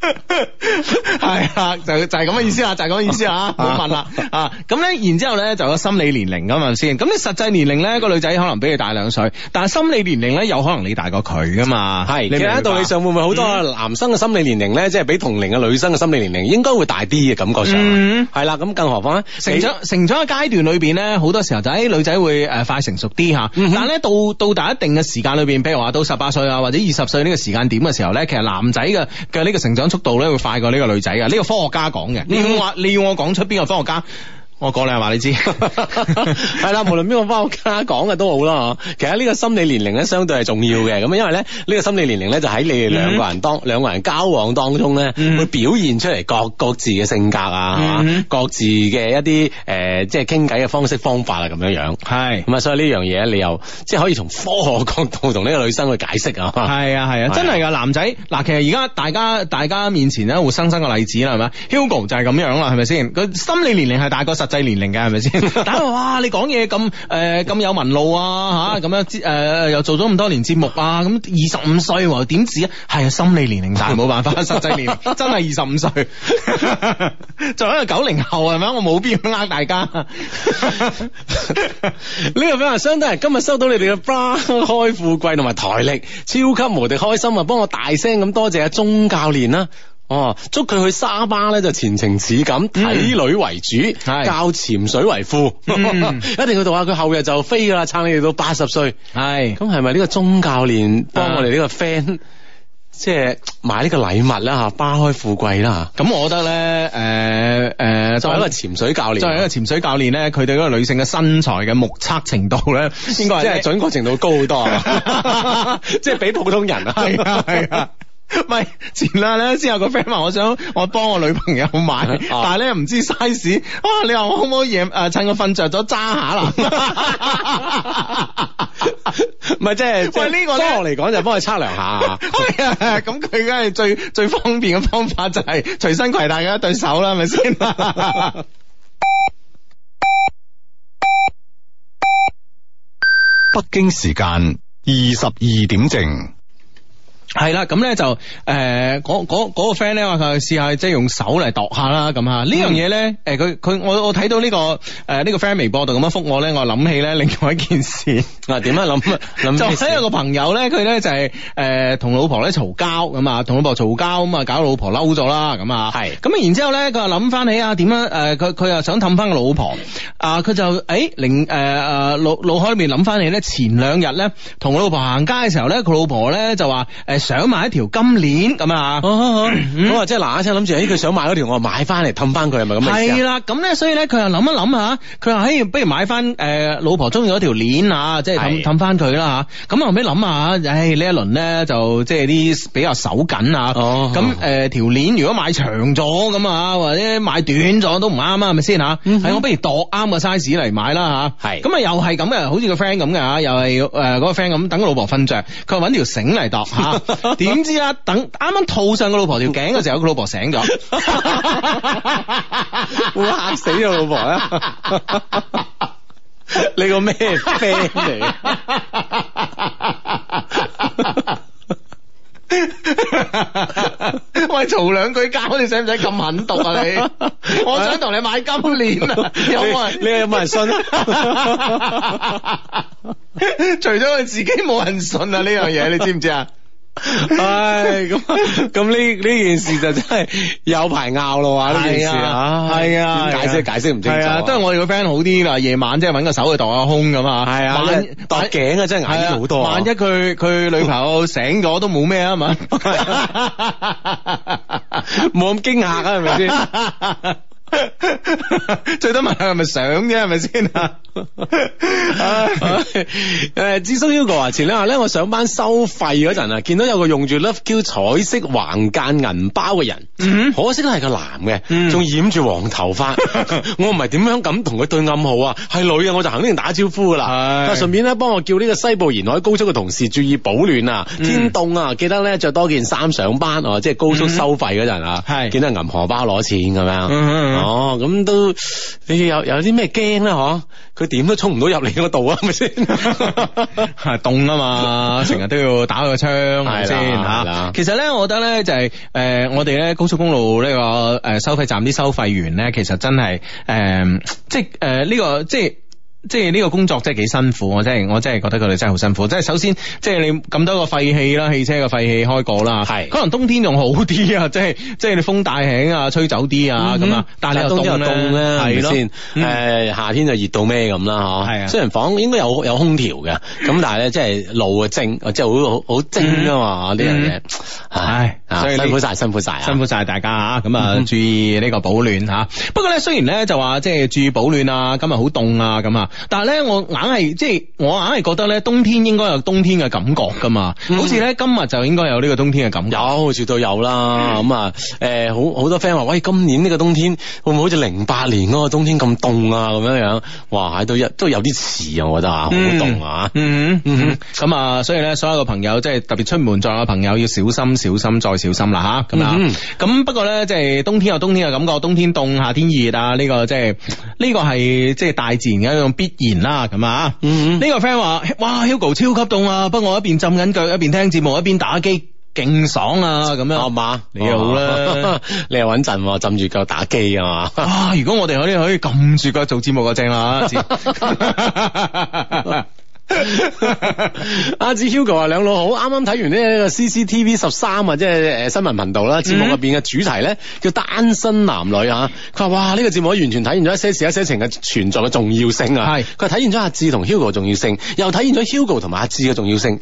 係 啊、哎，就就係咁嘅意思啊，就係咁嘅意思啊。冇 問啦啊。咁咧，然之後咧就有個心理年齡咁啊先。咁你實際年齡咧，個女仔可能比你大兩歲，但係心理年齡咧，有可能大 你大過佢噶嘛。係。其實喺道理上會唔會好多男生嘅心理年齡咧，嗯、即係比同齡嘅女生嘅心理年齡應該會大啲嘅感覺上。係啦、嗯。咁更何況咧你？成長成長嘅階段裏邊咧，好多時候就喺女仔會誒快成熟啲吓。嗯、哼但係咧到到達一定嘅時間裏邊，譬如話到十八歲啊，或者二十歲呢個時間點嘅時候咧，其實男仔嘅嘅呢個成長。速度咧，會快過呢個女仔啊！呢個科學家講嘅，你要話你要我講出邊個科學家？我講你話你知，係 啦， 無論邊個科學家講嘅都好啦，其實呢個心理年齡咧相對係重要嘅，咁因為咧呢個心理年齡咧就喺你哋兩個人當兩、嗯、個人交往當中咧，嗯、會表現出嚟各各自嘅性格啊，係嘛，各自嘅、嗯、一啲誒、呃，即係傾偈嘅方式方法啊，咁樣樣。係是，咁啊，所以呢樣嘢你又即係可以從科學角度同呢個女生去解釋啊。係啊，係啊，啊真係噶，男仔嗱，其實而家大家大家面前咧活生生個例子啦，係咪 Hugo 就係咁樣啦，係咪先？佢心理年齡係大過實。實際年齡嘅，係咪先？等係 哇，你講嘢咁誒咁有文路啊吓咁樣，誒、啊啊、又做咗咁多年節目啊，咁二十五歲點止啊？係啊、哎，心理年齡大，冇 辦法，實際年齡 真係二十五歲。作 為一個九零後係、啊、咪？我冇必要呃大家。呢個俾阿雙德今日收到你哋嘅花開富貴同埋台曆，超級無敵開心啊！幫我大聲咁多謝阿、啊、鍾教練啦。哦，捉佢去沙巴咧，就前程似錦，睇女為主，教潛水為副，一定要讀下。佢後日就飛噶啦，撐你哋到八十歲。係，咁係咪呢個中教練幫我哋呢個 friend 即係買呢個禮物啦？吓，花開富貴啦吓。咁我覺得咧，誒誒，作為一個潛水教練，作為一個潛水教練咧，佢對嗰個女性嘅身材嘅目測程度咧，應該係即係準確程度高好多，即係比普通人啊，係啊係啊。唔係前兩日先有個 friend 話我想我幫我女朋友買，啊、但係咧唔知 size。哇！你話我可唔可以誒趁我瞓着咗揸下啦？唔 係即係，喂、這個、呢個咧嚟講就係幫佢測量下。咁佢梗係最最方便嘅方法就係隨身攜帶嘅一對手啦，係咪先？ 北京時間二十二點正。係啦，咁咧就誒嗰個 friend 咧話佢試下，即係用手嚟度下啦，咁啊呢樣嘢咧誒佢佢我我睇到呢個誒呢個 friend 微博度咁樣覆我咧，我諗起咧另外一件事啊，點樣諗啊諗，就係有個朋友咧，佢咧就係誒同老婆咧嘈交咁啊，同老婆嘈交咁啊搞老婆嬲咗啦咁啊，係咁，然之後咧佢又諗翻起啊，點樣誒佢佢又想氹翻個老婆啊，佢就誒零誒誒腦腦海裏面諗翻起咧前兩日咧同老婆行街嘅時候咧，佢老婆咧就話誒。想買一條金鏈咁啊，咁啊，即係嗱一聲諗住，誒，佢想買嗰條，我買翻嚟氹翻佢，係咪咁？係啦，咁咧，所以咧，佢又諗一諗下，佢話，不如買翻誒老婆中意嗰條鏈啊，即係氹氹翻佢啦，咁後屘諗下，呢一輪咧就即係啲比較手緊啊。咁誒，條鏈如果買長咗咁啊，或者買短咗都唔啱啊，係咪先吓？我不如度啱個 size 嚟買啦吓。咁啊，又係咁嘅，好似個 friend 咁嘅吓，又係誒嗰個 friend 咁，等老婆瞓着，佢話搵條繩嚟度吓。點知啊？等啱啱套上個老婆條頸嘅時候，個老婆醒咗，我 吓死個老婆啊！ 你個咩 friend 嚟喂，嘈兩句交，你使唔使咁狠毒啊？你 我想同你買金鏈啊， 你有冇人你？你有冇人信， 人信啊？除咗我自己冇人信啊！呢樣嘢你知唔知啊？唉，咁咁呢呢件事就真係有排拗咯喎，呢件事啊，係啊，點解釋解釋唔清楚，都係我哋個 friend 好啲啦，夜晚即係搵個手去度下胸咁啊，係啊，度頸啊真係危險好多，萬一佢佢女朋友醒咗都冇咩啊嘛，冇咁驚嚇啊係咪先？ 最多問係咪想啫，係咪先？誒 唉，志叔 Hugo 啊，前兩日咧，我上班收費嗰陣啊，見到有個用住 Love Q 彩色橫間銀包嘅人，mm hmm. 可惜都係個男嘅，仲，mm hmm. 染住黃頭髮。 我唔係點樣咁同佢對暗號啊，係女嘅，我就肯定打招呼噶啦。 但順便咧，幫我叫呢個西部沿海高速嘅同事注意保暖啊，mm hmm. 天凍啊，記得咧着多件衫上班哦，啊，即係高速收費嗰陣啊，mm hmm. 見到銀荷包攞錢咁樣。Mm hmm. 哦，咁都你有有啲咩驚咧？嗬、啊，佢點都衝唔到入嚟嗰度啊？係咪先？係凍啊嘛，成日都要打個槍 係咪先吓。 其實咧，我覺得咧就係、是、誒、 呃，我哋咧高速公路呢、這個誒、呃、收費站啲收費員咧，其實真係誒、呃，即係誒呢個即係。即係呢個工作真係幾辛苦，我真係我真係覺得佢哋真係好辛苦。即係首先，即係你咁多個廢氣啦，汽車嘅廢氣開過啦，係是。可能冬天仲好啲啊，即係即係你風大起啊，吹走啲啊咁啊。嗯、哼但係你又凍又凍咧，係先？誒、呃、夏天就熱到咩咁啦？嚇的，係啊。雖然房應該有有空調嘅，咁但係咧，即係路啊蒸即係好好蒸啊嘛呢樣嘢。嗯。唉，所以辛苦晒，辛苦晒，辛苦晒大家吓，咁啊注意呢個保暖吓。不過咧，雖然咧就話即係注意保暖啊、嗯哼就是，今日好凍啊咁啊，但係咧我硬係即係我硬係覺得咧冬天應該有冬天嘅感覺噶嘛，好似咧今日就應該有呢個冬天嘅感覺。好有絕對、嗯、哼有啦，咁啊誒，好、嗯欸、好，好多 friend 話喂，今年呢個冬天會唔會好似零八年嗰個冬天咁凍啊咁樣樣？哇，係到都有啲似啊，我覺得啊好凍啊，咁啊、嗯嗯嗯嗯嗯，所以咧所有嘅朋友即係特別出門在外嘅朋友要小心。小心，再小心啦嚇，咁、啊、樣。咁、嗯哼啊、不過咧，即、就、係、是、冬天有冬天嘅感覺，冬天凍、啊，夏天熱啊。呢、這個即係呢個係即係大自然嘅一種必然啦，咁啊。啊啊嗯哼。呢個 friend 話，哇，Hugo 超級凍啊！不過我一邊浸緊腳，一邊聽節目，一邊打機，勁爽啊！咁樣係嘛？啊、你又好啦， 你又穩陣浸住腳打機係嘛？啊！啊 如果我哋可以可以撳住腳做節目，就正啦。 阿 志、啊、Hugo 啊，兩老好，啱啱睇完呢個 CCTV 十三啊，即係誒新聞頻道啦，節目入邊嘅主題咧叫單身男女啊。佢話哇，呢、這個節目完全體現咗一些事一些情嘅存在嘅重要性啊。係是，佢係體現咗阿志同 Hugo 重要性，又體現咗 Hugo 同埋阿志嘅重要性。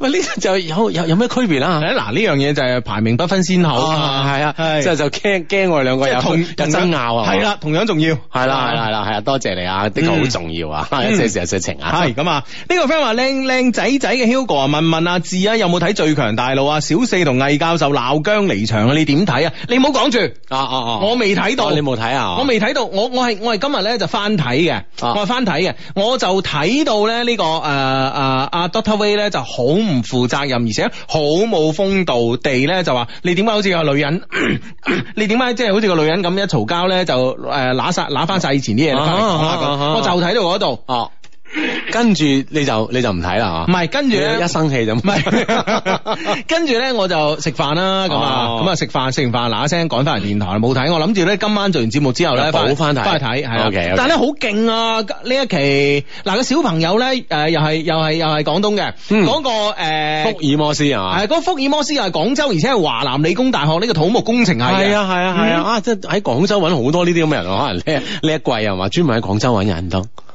喂， 呢、這個就有有有咩區別啦、啊？嗱、啊，呢樣嘢就係排名不分先後啊，係啊，即係是就驚驚是我哋兩個有爭拗啊，係啦嗎，同樣重要，係啦，係啦，係啊，多謝你啊，的確好重要、嗯、啊，係咁啊！呢個 friend 話靚靚仔仔嘅 Hugo 啊，問問阿志啊，有冇睇《最強大腦》啊？小四同魏教授鬧僵離場啊？你點睇啊？你唔好講住啊啊啊！啊我未睇到、啊，你冇睇啊？我未睇到，我我係我係今日咧就翻睇嘅，我係翻睇嘅、啊，我就睇到咧呢、這個誒誒、呃、阿、啊、Doctor Wei 咧就好唔負責任，而且好冇風度地咧就話你點解好似個女人？ 你點解即係好似個女人咁一嘈交咧就誒揦晒揦翻晒以前啲嘢、啊啊啊啊、我就睇到嗰度哦。跟住你就你就唔睇啦嗬，唔係跟住一生氣就唔係， 跟住咧我就食飯啦咁啊咁啊食飯食完飯嗱一聲趕翻嚟電台冇睇，我諗住咧今晚做完節目之後咧翻好翻睇翻去睇，係，嗯、okay, okay, 但係咧好勁啊！呢一期嗱個小朋友咧誒、呃、又係又係又係廣東嘅，嗰個誒福爾摩斯啊，係、嗰個、福爾摩斯又係廣州，而且係華南理工大學呢、呢個土木工程系係啊係啊係啊，啊，啊即係喺廣州揾好多呢啲咁嘅人，可能呢一季係嘛，專、啊、門喺廣州揾人多。啊啊啊啊啊啊啊啊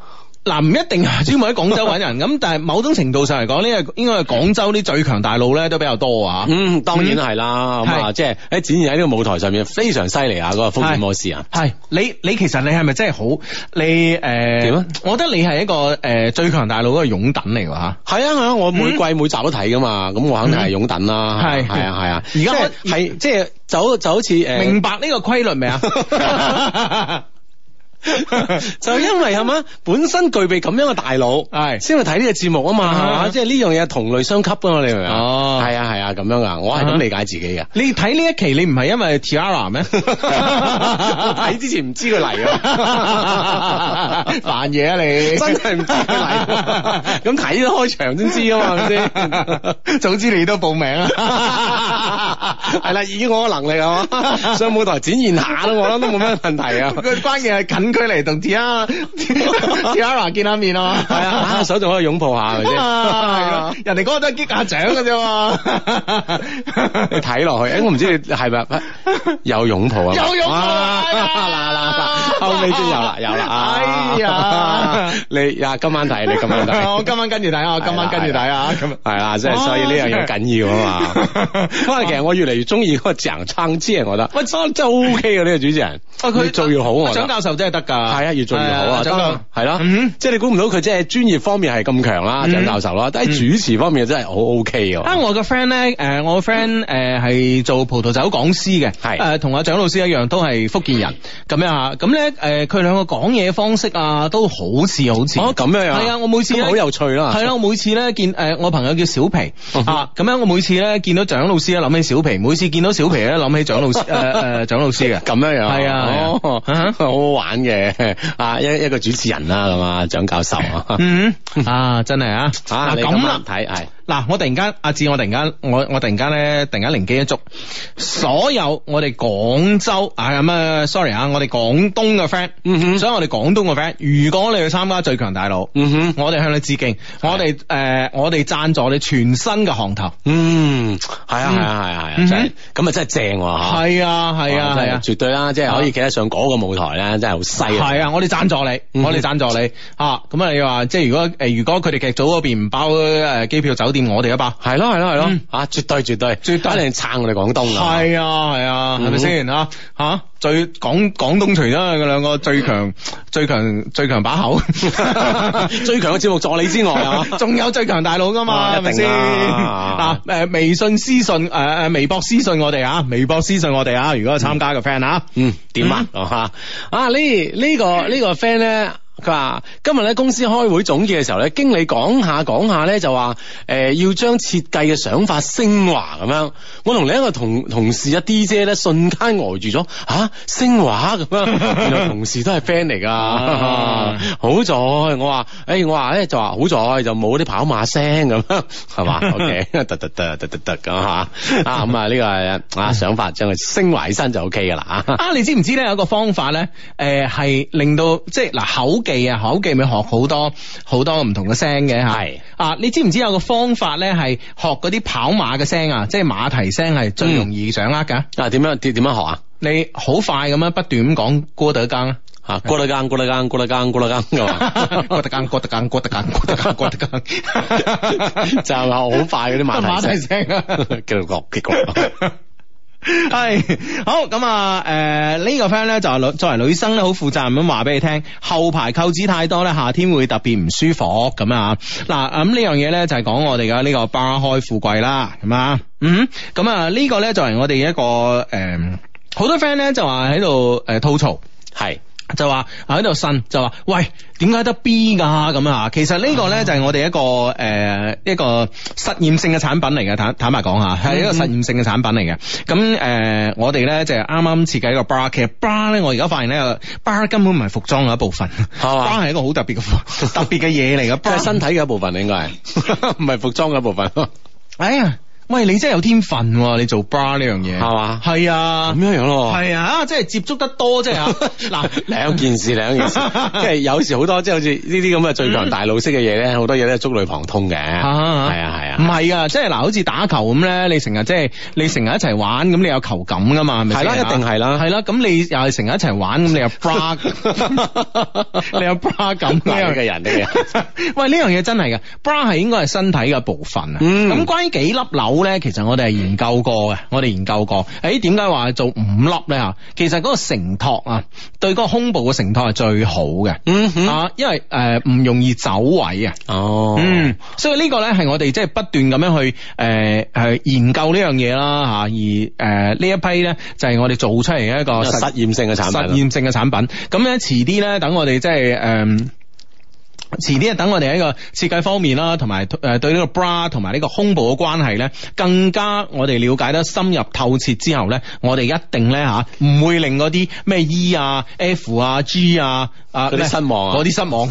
嗱唔一定，主要喺廣州揾人咁， 但係某種程度上嚟講，呢個應該係廣州啲最強大腦咧都比較多啊。嗯，當然係啦，咁啊、嗯，即係喺展現喺呢個舞台上面非常犀利啊，嗰、那個福爾摩斯啊。係你你其實你係咪真係好？你啊？呃、樣我覺得你係一個誒、呃、最強大腦嗰個擁躉嚟㗎吓，係啊係啊，我每季每集都睇㗎嘛，咁、嗯、我肯定係擁躉啦。係係啊係啊，而家我係即係就就好似明白呢個規律未啊？ 就因為係嘛，本身具備咁樣嘅大腦，係先去睇呢個節目啊嘛，即係呢樣嘢同類相吸噶嘛，你明唔明？哦，係啊，係啊，咁樣啊，我係咁理解自己嘅。你睇呢一期，你唔係因為 Tiara 咩？睇之前唔知佢嚟啊，扮嘢啊你，真係唔知佢嚟。咁睇咗開場先知啊嘛，係咪先？總之，你都報名啊，係啦，以我嘅能力啊嘛，上舞台展現下啦，我諗都冇咩問題啊。佢關鍵係近。佢嚟同 Tara Tara 見下面咯，係啊，手仲可以擁抱下咪先。人哋嗰個都係擊下掌嘅啫。你睇落去，誒，我唔知你係咪有擁抱啊？有擁抱啊！嗱嗱嗱，後尾先有啦，有啦。哎呀，你啊，今晚睇你今晚睇。我今晚跟住睇啊，我今晚跟住睇啊，咁。係啊，即係所以呢樣嘢緊要啊嘛。不過其實我越嚟越中意嗰個蔣昌建啊，我覺得。喂，真真 O K 啊，呢個主持人。啊，佢做越好，啊。蔣教授真係。得㗎，係啊，越做越好啊，得，係咯，即係你估唔到佢即係專業方面係咁強啦，蔣教授啦，但係主持方面真係好 OK 㗎。啊，我個 friend 咧，誒，我個 friend 誒係做葡萄酒講師嘅，係，誒，同阿蔣老師一樣都係福建人咁樣啊，咁咧誒，佢兩個講嘢方式啊都好似好似，哦，咁樣樣，係啊，我每次好有趣啦，係啦，我每次咧見誒我朋友叫小皮啊，咁樣我每次咧見到蔣老師咧諗起小皮，每次見到小皮咧諗起蔣老師誒誒蔣老師嘅，咁樣樣，係啊，哦，好好玩嘅啊，一一個主持人啦，咁啊蔣教授 嗯嗯啊嗯啊真係 啊吓，你咁立體係。嗱，我突然間，阿志，我突然間，我我突然間咧，突然間靈機一觸，所有我哋廣州啊，咁啊，sorry 啊，我哋廣東嘅 friend，所以我哋廣東嘅 friend，如果你去參加最強大腦，我哋向你致敬，我哋誒，我哋贊助你全新嘅行頭，嗯，係啊，係啊，係啊，係啊，咁啊真係正喎，係啊，係啊，係啊，絕對啦，即係可以企得上嗰個舞台啦，真係好犀啊，係啊，我哋贊助你，我哋贊助你，嚇，咁啊你話即係如果誒，如果佢哋劇組嗰邊唔包誒機票酒店。我哋啊吧，係咯係咯係咯，啊，絕對 絕對，絕對係撐我哋廣東噶，係啊係啊，係咪先啊？吓、嗯，最廣廣東除咗佢兩個最強、最強、最強把口，最強嘅節目助理之外，仲有最強大佬噶嘛？係咪先啊？誒，微信私信誒誒，微博私信我哋啊，微博私信我哋啊，如果參加嘅 friend 啊，嗯，點啊吓？啊呢呢個呢個 friend 咧？佢話：今日咧公司開會總結嘅時候咧，經理講下講下咧就話，誒、呃、要將設計嘅想法升華咁樣。我同另一個同同事一 D 姐咧，瞬間呆住咗嚇，升、啊、華咁樣。啊、 原來同事都係 friend 嚟噶，好在我話，誒、欸、我話咧就話好在就冇啲跑馬聲咁，係嘛？O K，得得得，得得得。咁、嗯、嚇、 啊這個，啊咁啊呢個係啊想法將佢升華起身就 O K 噶啦嚇。啊， 啊你知唔知咧有一個方法咧，誒、呃、係令到即係嗱口。技啊，口技咪學好多好多唔同嘅聲嘅係啊，你知唔知有個方法咧？係學嗰啲跑馬嘅聲啊，即係馬蹄聲係最容易掌握嘅，嗯。啊，點樣點點樣學啊？你好快咁樣不斷咁講咕得更啊，咕得更咕得更咕得更咕得更嘅嘛，咕得更咕得更咕得更咕得更咕得更，就係好快嗰啲馬蹄聲馬蹄聲啊，繼續落係 好咁啊！誒，呃這個，呢個 friend 咧就係女，作為女生咧好負責任咁話俾你聽，後排扣子太多咧，夏天會特別唔舒服咁啊！嗱咁呢樣嘢咧就係講我哋嘅呢個巴開富貴啦咁啊！嗯咁啊呢個咧作為我哋一個誒，好、呃、多 friend 咧就話喺度誒吐槽係。就話啊喺度呻，就話喂點解得 B 噶咁啊樣？其實呢個咧就係我哋一個誒、呃、一個實驗性嘅產品嚟嘅，坦坦白講吓，係一個實驗性嘅產品嚟嘅。咁誒、呃，我哋咧就係啱啱設計一個 bra 其實 bra 咧，我而家發現咧 bra 根本唔係服裝嘅一部分，bra 係一個好特別嘅特別嘅嘢嚟嘅，係身體嘅一部分應該係，唔係服裝嘅一部分。哎呀！喂，你真係有天分，你做 bra 呢樣嘢係嘛？係啊，咁樣樣咯，係啊，即係接觸得多，即係啊，嗱，兩件事，兩件事，即係有時好多即係好似呢啲咁嘅最強大腦式嘅嘢咧，好多嘢都係觸類旁通嘅，係啊係啊，唔係啊，即係嗱，好似打球咁咧，你成日即係你成日一齊玩，咁你有球感噶嘛？係咪先？係啦，一定係啦，係啦，咁你又係成日一齊玩，咁你有 bra，你有 bra 感呢樣嘅人嚟嘅，喂，呢樣嘢真係噶 bra 係應該係身體嘅部分啊，咁關於幾粒紐？咧，其實我哋係研究過嘅，我哋研究過，誒、欸，點解話做五粒咧吓？其實嗰個承托啊，對嗰個胸部嘅承托係最好嘅，嗯哼，啊，因為誒唔、呃、容易走位啊，哦，嗯，所以呢個咧係我哋即係不斷咁樣去誒誒、呃、研究呢樣嘢啦吓，而誒呢、呃、一批咧就係我哋做出嚟嘅一個實驗性嘅產品，實驗性嘅產品，咁、嗯、樣遲啲咧等我哋即係誒。呃遲啲啊，等我哋喺個設計方面啦，同埋誒對呢個 bra 同埋呢個胸部嘅關係咧，更加我哋了解得深入透徹之後咧，我哋一定咧吓唔會令嗰啲咩 E 啊、F 啊、G 啊。嗰啲失望啊！嗰啲失望，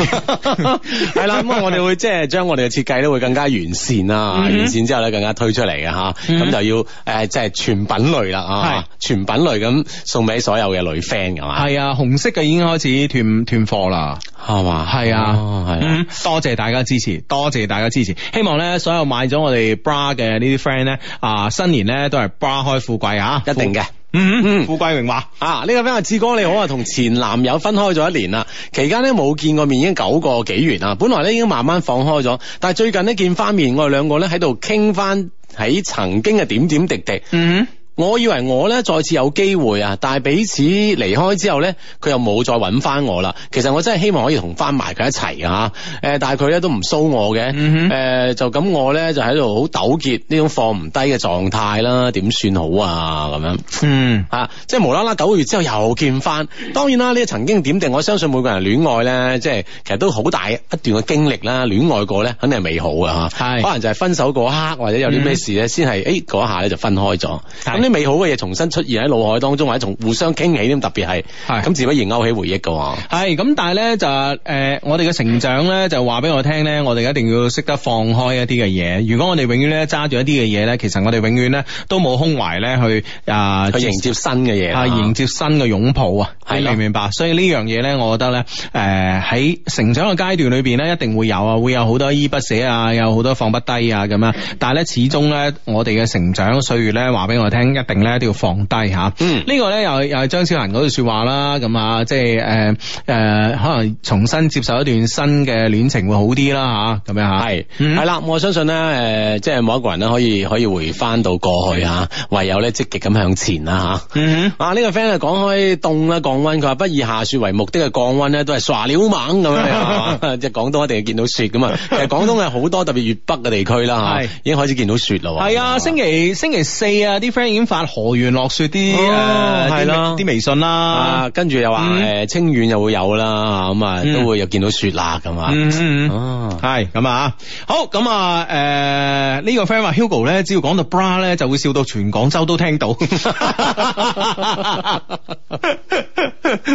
係啦咁啊，我哋會即係將我哋嘅設計咧會更加完善啦，完善、嗯、哼之後咧更加推出嚟嘅吓，咁、嗯、哼就要誒即係全品類啦啊，是全品類咁送俾所有嘅女 friend 係嘛，係啊，紅色嘅已經開始斷斷貨啦，係嘛，係啊，係、嗯、啊，嗯、多謝大家支持，多謝大家支持，希望咧所有買咗我哋 bra 嘅呢啲 friend 咧啊，新年咧都係 bra 開富貴啊，一定嘅。嗯，富貴榮華啊！呢個咩啊，志哥你好啊，同前男友分開咗一年啦，期間咧冇見過面已經九個幾月啦，本來咧已經慢慢放開咗，但係最近咧見翻面，我哋兩個咧喺度傾翻喺曾經嘅點點滴滴。嗯、mm。Hmm. 我以為我咧再次有機會啊，但係彼此離開之後咧，佢又冇再揾翻我啦。其實我真係希望可以同翻埋佢一齊啊。誒，但係佢咧都唔騷我嘅，誒、嗯哼呃，就咁我咧就喺度好糾結呢種放唔低嘅狀態啦，點算好啊咁樣，嗯，啊，即係無啦啦九個月之後又見翻，當然啦，呢、這個、曾經點定，我相信每個人戀愛咧，即係其實都好大一段嘅經歷啦，戀愛過咧肯定係美好嘅吓，是可能就係分手嗰刻或者有啲咩事咧，先係誒嗰下咧就分開咗，是啲美好嘅嘢重新出現喺腦海當中，或者從互相傾起，咁特別係，係咁是自不然勾起回憶嘅。係咁，但係咧就誒、呃，我哋嘅成長咧就話俾我聽咧，我哋一定要識得放開一啲嘅嘢。如果我哋永遠咧揸住一啲嘅嘢咧，其實我哋永遠咧都冇胸懷咧去啊、呃、去迎接新嘅嘢啊，迎接新嘅擁抱啊。的你明唔明白？所以呢樣嘢咧，我覺得咧誒喺成長嘅階段裏邊咧，一定會有啊，會有好多依不捨啊，有好多放不低啊咁樣。但係咧，始終咧我哋嘅成長歲月咧，話俾我聽。一定咧一定要放低吓。嗯，呢個咧又又係張小嫻嗰句説話啦，咁啊，即係誒誒，可能重新接受一段新嘅戀情會好啲啦吓，咁樣嚇，係，係啦，我相信咧誒，即係冇一個人咧可以可以回翻到過去啊。唯有咧積極咁向前啦吓，啊呢個 friend 啊講開凍啊降溫，佢話不以下雪為目的嘅降溫咧都係耍流氓咁樣，即係廣東一定見到雪咁啊，其實廣東係好多特別粵北嘅地區啦吓，已經開始見到雪咯，係啊，星期星期四啊啲 friend 已經。發河源落雪啲，誒，係、哦、是啦，啲微信啦，跟住又話誒，嗯、清遠又會有啦，咁啊都會又見到雪啦咁、嗯嗯嗯、啊，哦，係咁啊，好咁啊，誒、啊、呢、啊呢個 friend 話 Hugo 咧，只要講到 bra 咧，就會笑到全廣州都聽到，乜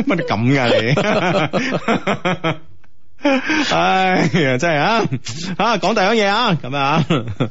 咁噶你？ 唉、 哎，真係啊，吓講第二樣嘢啊，咁啊，呢、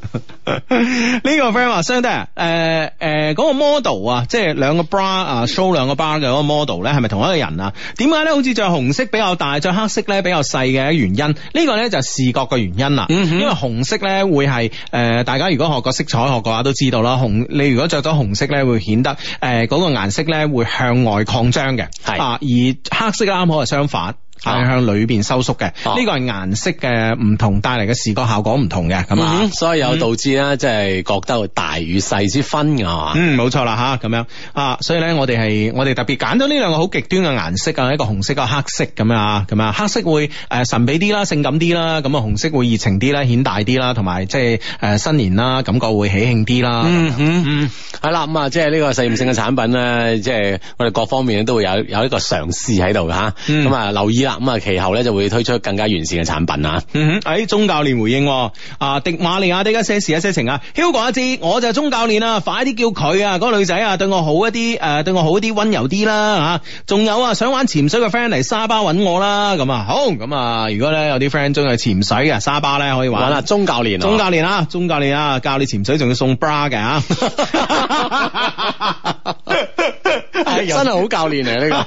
那個 friend 話，兄誒誒，嗰個 model 啊，即係兩個 bra 啊，show 兩個 bra 嘅嗰個 model 咧，係咪同一個人啊？點解咧？好似着紅色比較大，着黑色咧比較細嘅原因？呢、這個咧就視覺嘅原因啦。嗯、哼因為紅色咧會係誒、呃，大家如果學過色彩學嘅話都知道啦，紅你如果着咗紅色咧會顯得誒嗰、呃那個顏色咧會向外擴張嘅。係是啊，而黑色啱啱好係相反。向裏邊收縮嘅，呢個係顏色嘅唔同帶嚟嘅視覺效果唔同嘅，咁啊，所以有導致咧，即係覺得大與細之分嘅，係嘛？嗯，冇錯啦，吓咁樣啊，所以咧，我哋係我哋特別揀到呢兩個好極端嘅顏色啊，一個紅色，一個黑色咁啊，咁啊，黑色會誒神秘啲啦，性感啲啦，咁啊，紅色會熱情啲啦，顯大啲啦，同埋即係誒新年啦，感覺會喜慶啲啦。嗯嗯嗯，係啦，咁啊，即係呢個實驗性嘅產品咧，即係我哋各方面都會有有一個嘗試喺度吓，咁啊，留意啦。咁啊，其後咧就會推出更加完善嘅產品啊！喺鍾、嗯、教練回應啊，迪瑪利亞啲一些事一些情啊，Hugo 阿、啊啊、我就係鍾教練啊，快啲叫佢啊，嗰、那個女仔啊，對我好一啲，誒、啊，對我好一啲，溫柔啲啦吓，仲、啊、有啊，想玩潛水嘅 friend 嚟沙巴揾我啦、啊，咁啊，好，咁啊，如果咧有啲 friend 中意潛水嘅沙巴咧，可以玩啦。鍾教練，鍾教練啊，鍾教練啊，啊，啊，教你潛水仲要送 bra 嘅吓、啊 哎，真係好教練嚟呢個。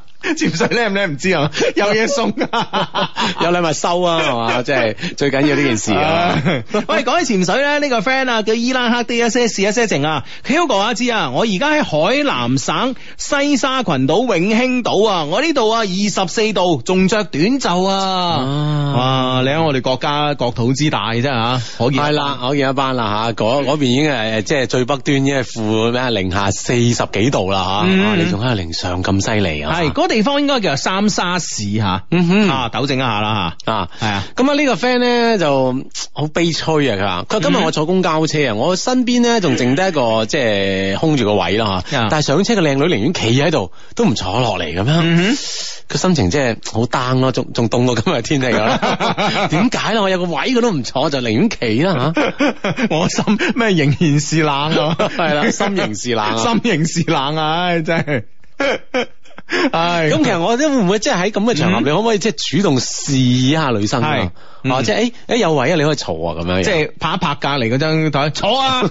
潛水叻唔叻唔知啊， 有嘢西送，啊，有禮物收啊，係嘛？即係最緊要呢件事啊，啊。喂，講起潛水咧，呢、這個 friend 啊，叫伊拉克 D S S 一些事一些情啊，佢 u g o 知啊，我而家喺海南省西沙群島永興島啊，我呢度啊二十四度，仲着短袖啊。啊哇，你喺我哋國家國土之大啫吓，可見，係啦，可見一斑啦吓，嗰嗰邊已經係即係最北端，已經係負咩零下四十幾度啦吓，你仲喺零上咁犀利啊？係的地方應該叫三沙市吓，啊，糾、啊、正一下啦吓，啊，係啊，咁啊呢個 friend 咧就好悲催啊，佢話佢今日我坐公交車啊，嗯、我身邊咧仲剩得一個即係、就是、空住個位啦吓，嗯、但係上車嘅靚女寧願企喺度，都唔坐落嚟咁樣，佢、嗯啊、心情即係好 down 咯，仲仲凍過今日天，天氣啦、啊，點解咧？我有個位佢都唔坐，就寧願企啦吓，啊、 我心咩仍然是冷係、啊、嘛，係啦，心形是冷，心形是冷啊，唉，真係、啊。係，咁唉其實我都會唔會即係喺咁嘅場合，嗯、你可唔可以即係主動示意一下女生啊？嗯、哦，即誒誒、欸、有位啊，你可以坐啊，咁樣即係是有拍一拍隔籬嗰張台坐啊，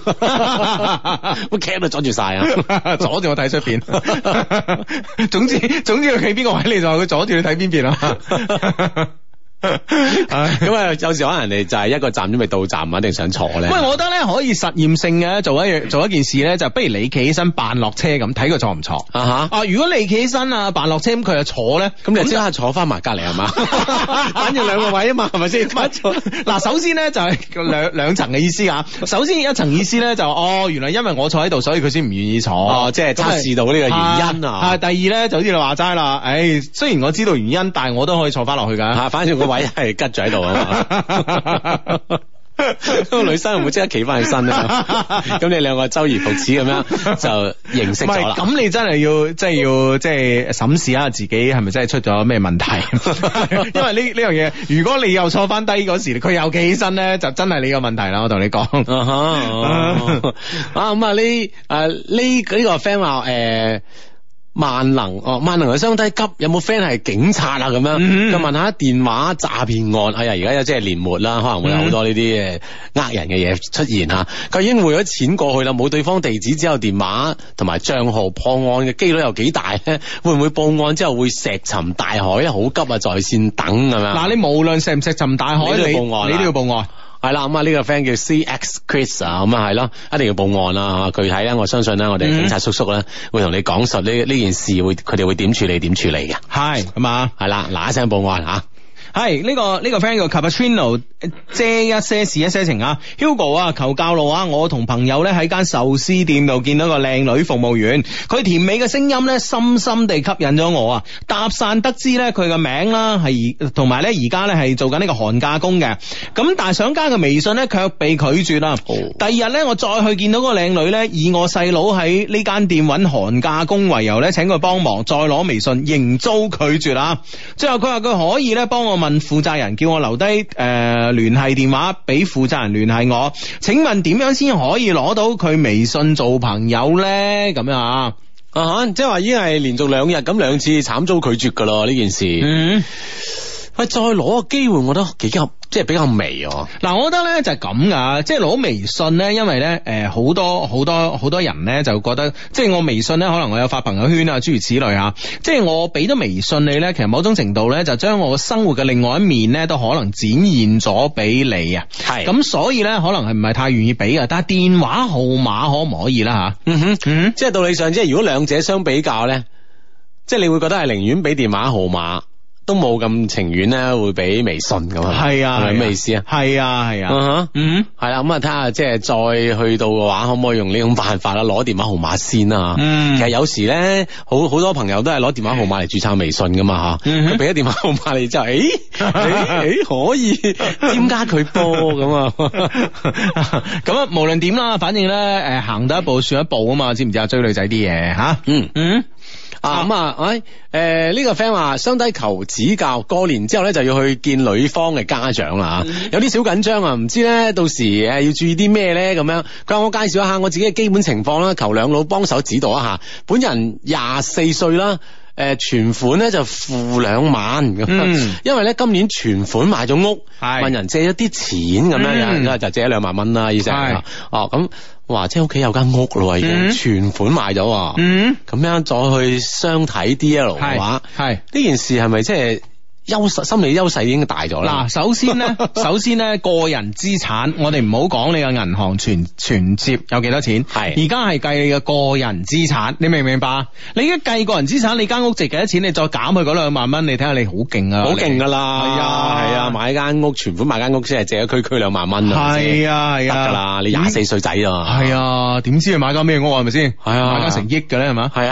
乜 cap 都阻住晒啊， 阻住我睇出邊。總之總之佢企邊個位就你就話佢阻住你睇邊邊啊。 咁啊，有時可能人哋就係一個站都未到站啊，一定想坐咧？喂，我覺得咧可以實驗性嘅做一做一件事咧，就不如你企起身扮落車咁睇佢坐唔坐啊？吓啊！如果你企起身啊，扮落車咁佢啊坐咧，咁就即刻坐翻埋隔籬係嘛？反正兩個位啊嘛，係咪先？嗱，首先咧就係兩兩層嘅意思啊。首先一層意思咧就哦，原來因為我坐喺度，所以佢先唔願意坐。哦，即係測試到呢個原因啊。第二咧，就好似你話齋啦，誒，雖然我知道原因，但係我都可以坐翻落去噶吓。反正我。位係吉住喺度啊嘛，嗰個女生唔會即刻企翻起身啊。咁 你兩個周而復始咁樣就認識咗啦。咁你真係要即係要即係審視下自己係咪真係出咗咩問題？哈哈 因為呢呢樣嘢，如果你又坐翻低嗰時，佢又企起身咧，就真係你個問題啦。我同你講。啊咁啊，呢誒呢呢個 friend 話誒。呃萬能哦，萬能嘅相低急，有冇 friend 係警察啊？咁樣就問下電話詐騙案。哎呀，而家又即係年末啦，可能會有好多呢啲呃人嘅嘢出現吓。佢、嗯、已經匯咗錢過去啦，冇對方地址，只有電話同埋賬號破案嘅機率又幾大咧？會唔會報案之後會石沉大海咧？好急啊，在線等係咪啊？嗱，你無論石唔石沉大海，你都要報案你係啦，咁啊呢個 friend 叫 C X Chris 啊、嗯，咁啊係咯，一定要報案啦吓。具體咧，我相信咧，我哋警察叔叔咧會同你講述呢呢件事會佢哋會點處理點處理嘅。係吧，咁啊，係啦，嗱一聲報案吓。係呢個呢個 friend 叫 Cappuccino 咯，遮一些事一些情啊。Hugo 啊，求教路啊，我同朋友咧喺間壽司店度見到個靚女服務員，佢甜美嘅聲音咧深深地吸引咗我啊。搭訕得知咧佢嘅名啦，係同埋咧而家咧係做緊呢個寒假工嘅，咁但係想加個微信咧卻被拒絕啦。第二、oh. 日咧我再去見到個靚女咧，以我細佬喺呢間店搵寒假工為由咧，請佢幫忙再攞微信，仍遭拒絕啦。最後佢話佢可以咧幫我。問負責人叫我留低誒，聯繫電話俾負責人聯繫我，請問點樣先可以攞到佢微信做朋友呢？咁樣啊，即係話已經係連續兩日咁兩次慘遭拒絕噶咯，呢件事。嗯再攞個機會，我覺得幾有，即係比較微哦、啊。嗱、啊，我覺得呢就係咁噶，即係攞微信呢，因為呢誒好、呃、多好多好多人呢，就覺得，即係我微信呢，可能我有發朋友圈啊諸如此類啊，即係我俾咗微信你呢，其實某種程度呢，就將我生活嘅另外一面呢，都可能展現咗俾你啊。係是，咁所以呢，可能係唔係太願意俾啊，但係電話號碼可唔可以啦、啊、吓？嗯嗯、即係道理上，即係如果兩者相比較呢，即係你會覺得係寧願俾電話號碼。都冇咁情願咧，會俾微信咁啊？係啊，係咩意思啊？係啊，係、uh huh. 嗯、啊。嗯哼，係啦。咁啊，睇下即係再去到嘅話，可唔可以用呢種辦法啦？攞電話號碼先啊。嗯，其實有時咧，好好多朋友都係攞電話號碼嚟註冊微信噶嘛吓。俾咗、嗯、哼電話號碼嚟之後，誒，誒、欸 欸欸，可以添加佢噃咁啊。咁、 嗯、 無論點啦，反正咧，誒，行得一步算一步啊嘛。知唔知啊？追女仔啲嘢吓。嗯、啊、嗯。 啊咁啊，誒、啊、呢、啊這個 friend 話，相低求指教，過年之後咧就要去見女方嘅家長啦、啊，有啲小緊張啊，唔知咧到時誒要注意啲咩咧咁樣。佢話，我介紹一下我自己嘅基本情況啦，求兩老幫手指導一下。本人廿四歲啦，誒、啊、存款咧就付兩萬咁，因為咧今年存款買咗屋，係問人借咗啲錢咁樣，是嗯、有陣間就借咗兩萬蚊啦，以上。係哦咁。啊啊啊啊啊啊話即係屋企有間屋咯，已經、mm hmm. 全款買咗。啊、mm。嗯，咁樣再去相睇 D L 嘅話，係呢、mm hmm. 件事係咪即係？優勢心理優勢已經大咗啦。嗱，首先咧，首先咧，個人資產，我哋唔好講你嘅銀行存存折有幾多錢，係而家係計你嘅個人資產，你明唔明白？你而家計個人資產，你間屋值幾多錢？你再減去嗰兩萬蚊，你睇下你好勁啊！好勁噶啦，係啊係啊，買間屋存款買間屋先係借咗區區兩萬蚊啊！係啊係啊，得噶啦，你廿四歲仔啊！係啊，點知你買間咩屋啊？係咪先？係啊，買間成億嘅咧係嘛？係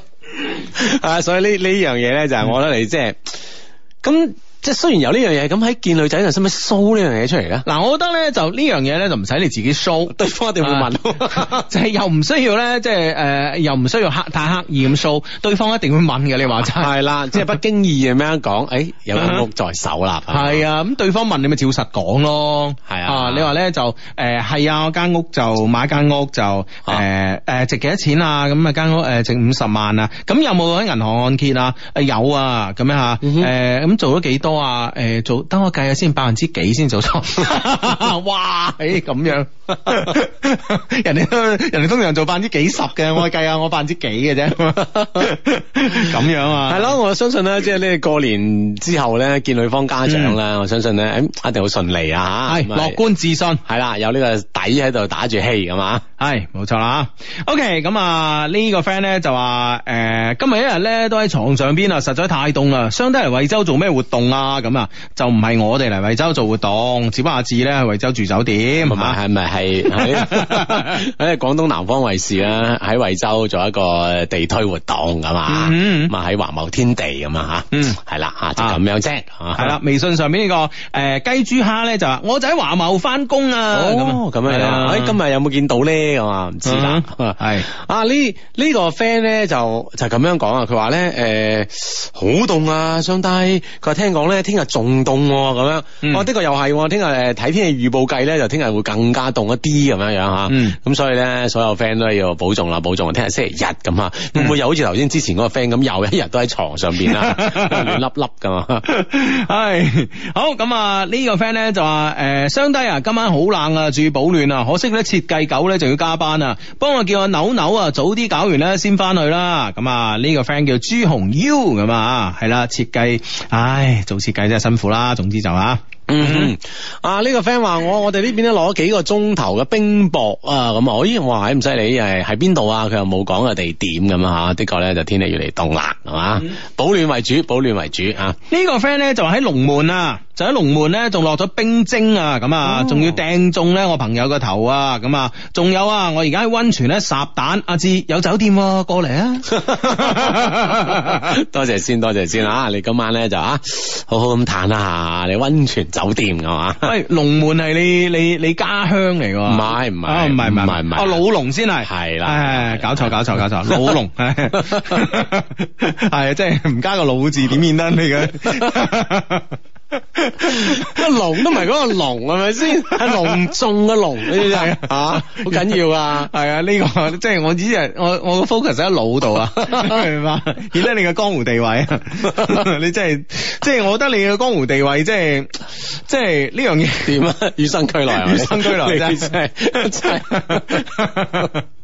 啊。啊，所以呢呢樣嘢咧，就係我覺得你即係咁。即係雖然有呢樣嘢，咁喺見女仔嗰陣時咪 show 呢樣嘢出嚟咧。嗱，我覺得咧就呢樣嘢咧就唔使你自己 show，對方一定會問。就係又唔需要咧，即係誒又唔需要刻太刻意咁 show，對方一定會問嘅。你話齋係啦，即係不經意咁樣講，誒有間屋在手啦。係啊，咁對方問你咪照實講咯。係啊，你話咧就誒係啊，我間屋就買間屋就誒誒值幾多錢啊？咁啊間屋誒值五十萬啊？咁有冇喺銀行按揭啊？誒有啊，咁樣吓誒咁做咗幾多？話誒、欸，做等我計下先，百分之幾先做錯？ 哇，誒、欸，咁樣 人哋人哋通常做百分之幾十嘅，我計下我百分之幾嘅啫，咁 樣啊？係咯、嗯，我相信咧，即係咧過年之後咧見女方家長咧，嗯、我相信咧、欸、一定好順利啊吓，係樂是、就是、觀自信，係啦，有、okay, 呢、這個底喺度打住氣咁嘛。係冇錯啦 OK，咁啊呢個 friend 咧就話誒，今日一日咧都喺床上邊啊，實在太凍啦，想都嚟惠州做咩活動啊？啊咁啊，就唔係我哋嚟惠州做活動，只不過係咧喺惠州住酒店，係咪係咪係喺廣東南方衛視啊，喺惠州做一個地推活動噶嘛，咁啊喺華茂天地咁啊吓，係啦啊就咁樣啫，係啦微信上邊呢個誒雞豬蝦咧就話我就喺華茂翻工。啊，咁啊咁啊，誒今日有冇見到咧？咁啊唔知啦，係啊呢呢個 friend 咧就就咁樣講啊，佢話咧誒好凍啊，想戴，佢話聽講。咧，聽日仲凍咁樣，哦、嗯啊，的確又係，聽日誒，睇天氣預報計咧，就聽日會更加凍一啲咁樣樣吓，咁、嗯、所以咧，所有 friend 都係要保重啦，保重。聽日星期日咁啊，唔、嗯、會又好似頭先之前嗰個 friend 咁，又一日都喺床上邊啦， 暖笠笠噶。唉、 哎，好，咁啊，呢個 friend 咧就話誒，雙低啊，今晚好冷啊，注意保暖啊。可惜咧，設計狗咧就要加班幫紐紐啊，幫我叫阿扭扭啊，早啲搞完咧先翻去啦。咁、哎、啊，呢個 friend 叫朱紅 U 咁啊，係啦，設計，唉。做設計真係辛苦啦，總之就吓、是嗯。啊，呢、這個 friend 話我我哋呢邊咧攞咗幾個鐘頭嘅冰雹啊，咁啊，我、哎、咦，哇，唉，唔使理，係係邊度啊？佢又冇講個地點咁啊，的確咧就天氣越嚟越凍啦，係、啊、嘛，嗯、保暖為主，保暖為主啊。呢個 friend 咧就喺龍門啊。就喺龍門咧，仲落咗冰晶啊！咁啊，仲要掟中咧我朋友個頭啊！咁啊，仲有啊，我而家喺溫泉咧撒蛋。阿志有酒店過嚟啊！多謝先，多謝先啊！你今晚咧就啊，好好咁嘆啦吓！你溫泉酒店嘅話，喂，龍門係你你你家鄉嚟嘅？唔係唔係啊？唔係唔係啊？老龍先係係啦，搞錯搞錯搞錯，老龍係係，即係唔加個老字點先得你嘅？龍都唔係嗰個龍係咪先？龍中嘅龍，呢啲係啊，好緊要啊，係啊。呢個即係我只係我我個 focus 喺腦度啊，明、唔、白、個？顯得、 啊、你嘅江湖地位， 你真係即係我覺得你嘅江湖地位即係即係呢樣嘢點啊？與生俱來、啊，與 生俱來、啊、 真係真係。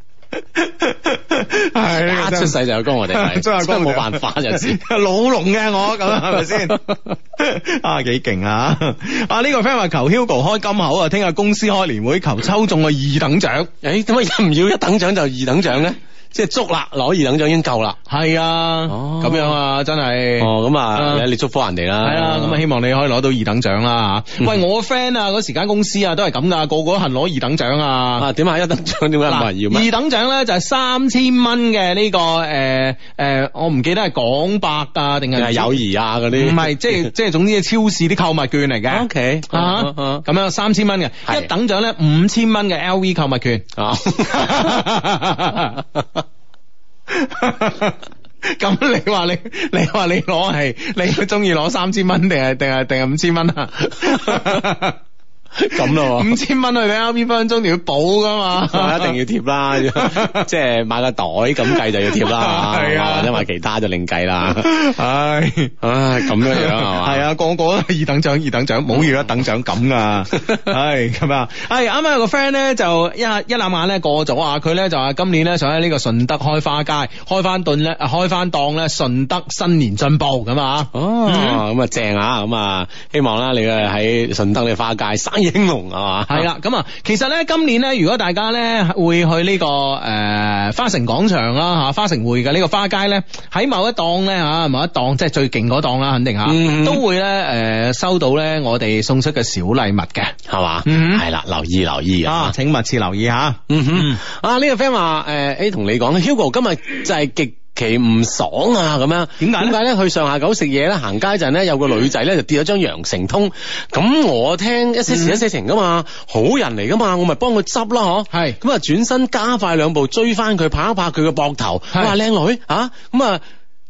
係 出世就有功我哋，係 是。真係功冇辦法，就知 老龍嘅，我咁係咪先？啊幾勁啊！啊呢、 啊呢個 friend 話求 Hugo 開金口啊，聽日公司開年會，求抽中個二等獎。誒、 哎，點解唔要一等獎就二等獎咧？即係捉啦，攞二等獎已經夠啦。係啊，咁樣啊，真係。哦，咁啊，你祝福人哋啦。係啊，咁啊，希望你可以攞到二等獎啦。喂，我 friend 啊，嗰時間公司啊，都係咁噶，個個都係攞二等獎啊。啊，點啊？一等獎點解冇人要？二等獎咧就係三千蚊嘅呢個誒誒，我唔記得係廣百啊定係友誼啊嗰啲。唔係，即係即係，總之係超市啲購物券嚟嘅。O K 咁樣三千蚊嘅一等獎咧五千蚊嘅 L V 購物券。啊！咁 你話你你話你攞係你中意攞三千蚊定係定係定係五千蚊啊？ 咁咯，五千蚊去畀呢分鐘，你要補噶嘛？一定要貼啦，即係買個袋咁計就要貼啦。係啊，或者買其他就另計啦。唉唉，咁樣樣係啊，個個都二等獎，二等獎冇要一等獎咁啊。唉，咁啊，唉，啱啱有個 friend 咧就一一攬晚咧過咗啊，佢咧就話今年咧想喺呢個順德開花街開翻頓咧，開翻檔咧，順德新年進步咁啊。哦，咁啊正啊，咁啊，希望啦你喺順德你花街 英雄啊嘛？係啦，咁啊，其實咧，今年咧，如果大家咧會去呢、呢個誒、呃、花城廣場啦嚇，花城匯嘅呢個花街咧，喺某一檔咧嚇，某一檔即係最勁嗰檔啦，肯定嚇，嗯、都會咧誒收到咧我哋送出嘅小禮物嘅係嘛？係啦、嗯，留意留意啊！請密切留意嚇、嗯。嗯哼，嗯嗯啊呢、呢個 friend 話、呃、誒，誒同你講，Hugo 今日就係極。 其唔爽啊咁樣，點解？點解咧？去上下九食嘢咧，行街陣咧，有個女仔咧就跌咗張羊城通，咁我聽、嗯、一些事一些情噶嘛，好人嚟噶嘛，我咪幫佢執咯。嗬是。係，咁啊轉身加快兩步追翻佢，拍一拍佢個膊頭，是我話靚女吓，咁啊。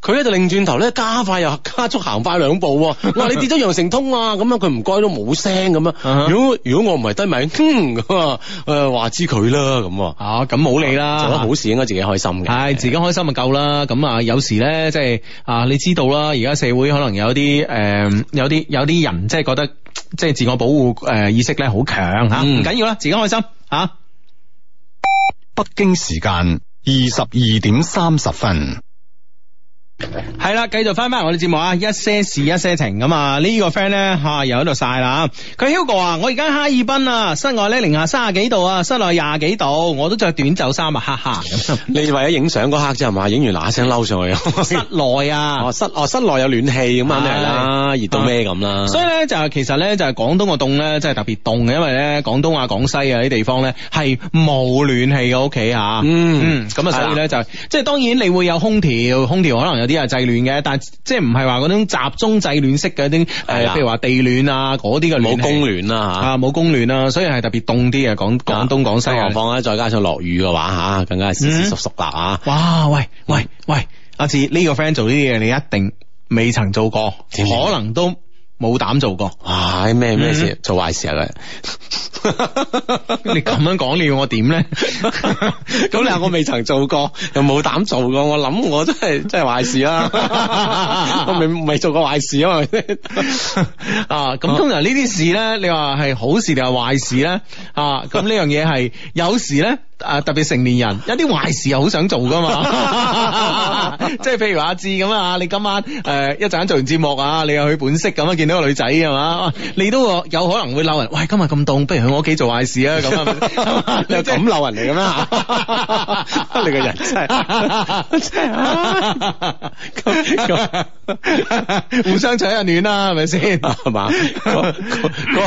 佢咧就擰轉頭咧，加快又加速行快兩步、啊。我話你跌咗羊城通啊，咁樣佢唔該都冇聲咁樣。如果如果我唔係低迷，哼、嗯，誒話知佢啦咁。啊，咁冇你啦，啊、做咗好事應該自己開心嘅。係、啊、自己開心就夠啦。咁啊，有時咧即係啊，你知道啦，而家社會可能有啲誒、呃，有啲有啲人即係覺得即係自我保護誒、呃、意識咧好強吓，唔緊、嗯啊、要啦，自己開心吓。啊、北京時間二十二點三十分。係啦，繼續翻翻我哋節目啊，一些事一些情咁啊，這個、呢個 friend 咧吓又喺度晒啦，佢 Hugo 啊，我而家哈爾濱啊，室外咧零下卅幾度啊，室內廿幾度，我都着短袖衫啊，哈哈。 你為咗影相嗰刻啫係嘛，影完嗱聲嬲上去。室內啊。 哦、室內啊，哦，室內室內有暖氣咁啊，肯定係啦，熱、啊、到咩咁啦。所以咧就其實咧就係廣東個凍咧真係特別凍嘅，因為咧廣東啊廣西啊啲地方咧係冇暖氣嘅屋企吓，嗯，咁啊、嗯、所以咧就即係、啊、當然你會有空調，空調可能有啲啊製暖嘅，但係即係唔係話嗰種集中製暖式嘅啲誒，譬、啊、如話地暖啊嗰啲嘅冇供暖啊。吓、啊，冇供暖啊，所以係特別凍啲嘅廣廣東廣西，更何況咧再加上落雨嘅話吓，嗯、更加係係索索縮縮啊！哇喂喂喂，阿志呢個 friend 做呢啲嘢，你一定未曾做過，啊、可能都。冇膽做過，係咩咩事？做壞事佢、啊！ 你咁樣講，你要我點咧？咁 你話我未曾做過，又冇膽做過，我諗我都係真係壞事啦。未未做過壞事啊？咪先啊！咁通常呢啲事咧，你話係好事定係壞事咧？ 啊！咁呢樣嘢係有時咧。啊！特別成年人有啲壞事又好想做噶嘛， 即係譬如阿志咁啊，你今晚誒一陣做完節目啊，你又去本色咁啊，見到個女仔係嘛，你都有可能會鬧人。喂，今日咁凍，不如去我屋企做壞事啊咁啊，又咁鬧人嚟咁啊，你個人真係咁咁互相取下暖啦，係咪先係嘛？嗰嗰、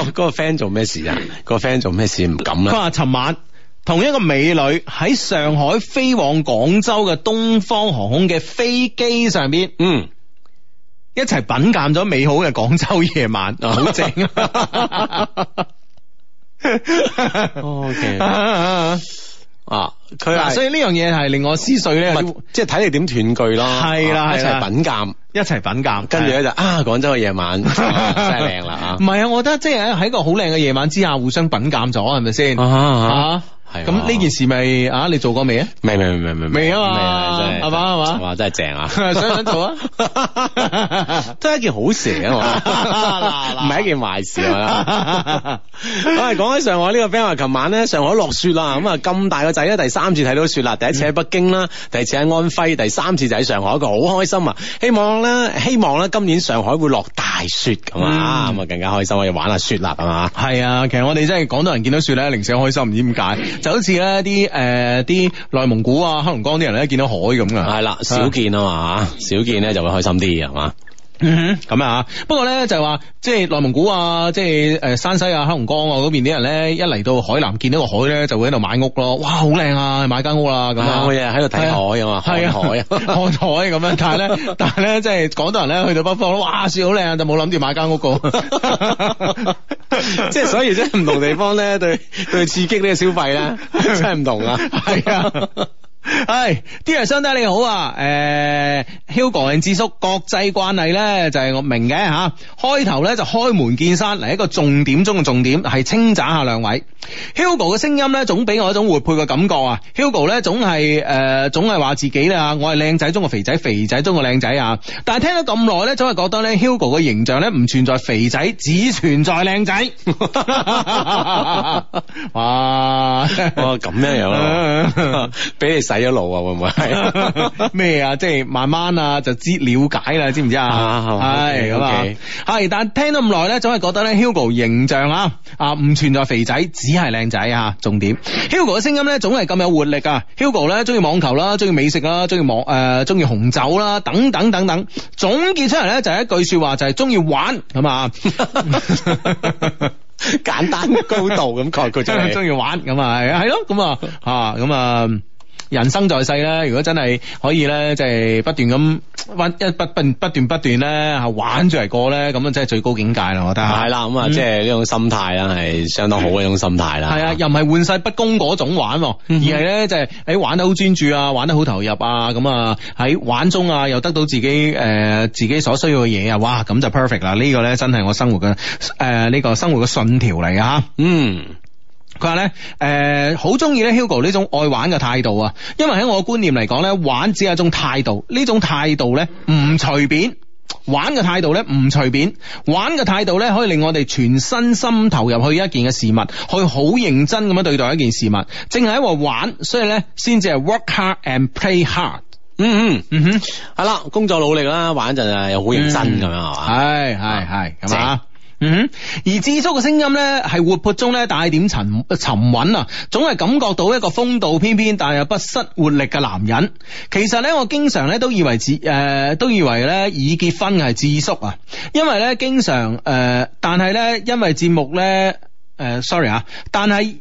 嗰個 friend、嗰個、做咩事啊？嗰個 friend 做咩事唔敢啊？佢話：尋晚。同一個美女喺上海飛往廣州嘅東方航空嘅飛機上邊，嗯，一齊品鑒咗美好嘅廣州夜晚，好正啊！OK，啊，佢啊，所以呢樣嘢係令我思緒咧，即係睇你點斷句咯，係啦，一齊品鑒，一齊品鑒，跟住咧就啊，廣州嘅夜晚真係靚啦啊！唔係啊，我覺得即係喺喺個好靚嘅夜晚之下，互相品鑒咗對，係咪先啊？係咁呢件事咪啊？你做過未啊？未未未未未未啊嘛！未啊，真係阿爸係嘛？哇，真係正啊！想唔想做啊？真係一件好事啊嘛！嗱，唔係一件壞事啊！咁啊，講起上海呢個 friend 話，琴晚咧上海落雪啦，咁啊咁大個仔咧第三次睇到雪啦，第一次喺北京啦，第二次喺安徽，第三次就喺上海，佢好開心啊！希望咧希望咧今年上海會落大雪咁啊，咁啊更加開心啊，要玩下雪啦，係嘛？係啊，其實我哋真係廣東人見到雪咧，零舍開心，唔知點解。就好似咧啲誒啲內蒙古啊、黑龍江啲人咧見到海咁噶，係啦了，少的見啊嘛，少的見咧就會開心啲係嘛？的咁、 嗯、啊，不過咧就係話，即係內蒙古啊，即係誒山西啊、黑龍江啊嗰邊啲人咧，一嚟到海南見到個海咧，就 會喺度買屋咯。哇，好靚啊，買間屋啦咁啊，喺度睇海啊嘛，睇、啊、看海、啊， 看海咁樣。但係咧，但係咧，即係廣東人咧去到北方咧，哇，雪好靚，就冇諗住買間屋個。即 係 所以，即係唔同地方咧，對對刺激呢個消費咧，真係唔同啊，係啊。係啲人相睇你好啊，誒、hey, uh,，Hugo 阿智叔，國際慣例咧就係、是、我明嘅吓、啊，開頭咧就開門見山嚟，一個重點中嘅重點，係稱讚下兩位 Hugo 嘅聲音咧，總俾我一種活潑嘅感覺啊。Hugo 咧總係誒、呃、總係話自己啊。我係靚仔中嘅肥仔，肥仔中嘅靚仔啊。但係聽咗咁耐咧，總係覺得咧 Hugo 嘅形象咧唔存在肥仔，只存在靚仔。 哇，哇咁樣樣，俾 你。睇一路啊，會唔會係咩啊？即係慢慢啊，就知了解啦，知唔知啊？係咁啊，係。但係聽咗咁耐咧，總係覺得咧，Hugo 形象，啊，唔存在肥仔，只係靚仔啊。重點，Hugo 嘅聲音咧，table, 總係咁有活力啊。Hugo 咧，中意網球啦，中意美食啦，中意網誒，中意紅酒啦，等等等等。總結出嚟，咧，就係一句說話，就係中意玩咁啊 questions able。簡單高度咁概括就係中意玩咁啊，係咯咁啊，咁、嗯、啊。啊啊人生在世咧，如果真係可以咧，即係不斷咁玩一不不不斷不斷咧，係玩住嚟過咧，咁啊真係最高境界啦， 我覺得。係啦，咁啊，即係呢種心態啦，係相當好嘅一種心態啦。係啊、嗯嗯，又唔係玩世不恭嗰種玩，嗯、哼 而係咧就係喺玩得好專注啊，玩得好投入啊，咁啊喺玩中啊又得到自己誒、呃、自己所需要嘅嘢啊，哇，咁就 perfect 啦！呢、呢個咧真係我生活嘅誒呢個生活嘅信條嚟啊，嗯。話咧，誒，好中意咧，Hugo 呢種愛玩嘅態度啊，因為喺我嘅觀念嚟講咧，玩只係一種態度，呢種態度咧唔隨便，玩嘅態度咧唔隨便，玩嘅態度咧可以令我哋全身心投入去一件嘅事物，去好認真咁樣對待一件事物，淨係喺度玩，所以咧先至係 work hard and play hard。嗯嗯嗯哼，係啦，工作努力啦，玩陣又好認真咁樣係嘛，係係係，咁啊。嗯哼，而智叔嘅聲音咧係活潑中咧帶點沉沉穩啊，總係感覺到一個風度翩翩但又不失活力嘅男人。其實咧，我經常咧都以為智誒、呃、都以為咧已結婚嘅係智叔啊，因為咧經常誒、呃，但係咧因為節目咧誒、呃，sorry 啊，但係。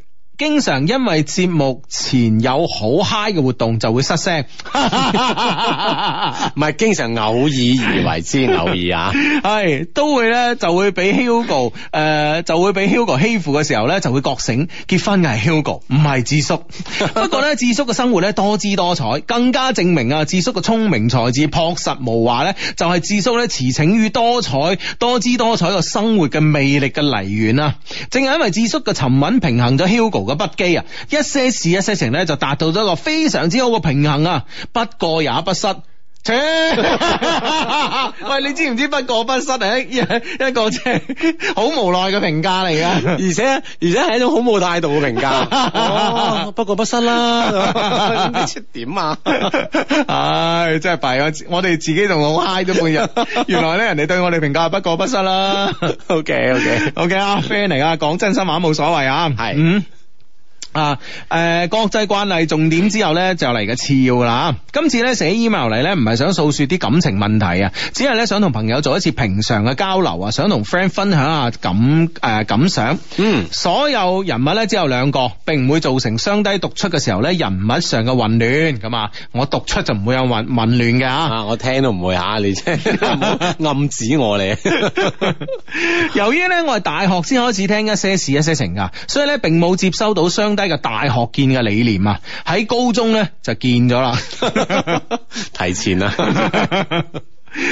經常因為節目前有好嗨嘅活動就會失聲，唔 係 經常偶爾而為之，偶爾啊，係 都會咧就會俾 Hugo 誒、呃、就會俾 Hugo 欺負嘅時候咧就會覺醒，結婚嘅係 Hugo，唔係智叔。 不過咧智叔嘅生活咧多姿多彩，更加證明啊，智叔嘅聰明才智樸實無華咧就係、是、智叔咧馳騁於多彩多姿多彩嘅生活嘅魅力嘅來源啊！正係因為智叔嘅沉穩平衡咗 Hugo 嘅。不羈啊，一些事一些情咧就達到咗一個非常之好嘅平衡啊，不過也不失。切， 喂，你知唔知，知不過不失啊？一個即係好無奈嘅評價嚟㗎，而且而且係一種好冇態度嘅評價。不過不失啦，點啊？唉，真係弊啊！我哋自己仲好 high 咗半日，原來咧人哋對我哋評價不過不失啦。OK OK OK，阿 friend 嚟啊，講真心話冇所謂啊。係嗯是。Mm hmm. 啊，誒、呃，國際慣例，重點之後咧就嚟嘅次要啦。今次咧寫 email 嚟咧唔係想訴說啲感情問題啊，只係咧想同朋友做一次平常嘅交流啊，想同 friend 分享下感誒、呃、感想。嗯，所有人物咧只有兩個，並唔會造成雙低讀出嘅時候咧人物上嘅混亂。咁啊，我讀出就唔會有混混亂嘅吓，我聽都唔會吓、啊、你啫， 唔好暗指我嚟。你 由於咧我係大學先開始聽一些事一些情啊，所以咧並冇接收到雙低。個大學建嘅理念啊，喺高中咧就見咗啦， 提前啦。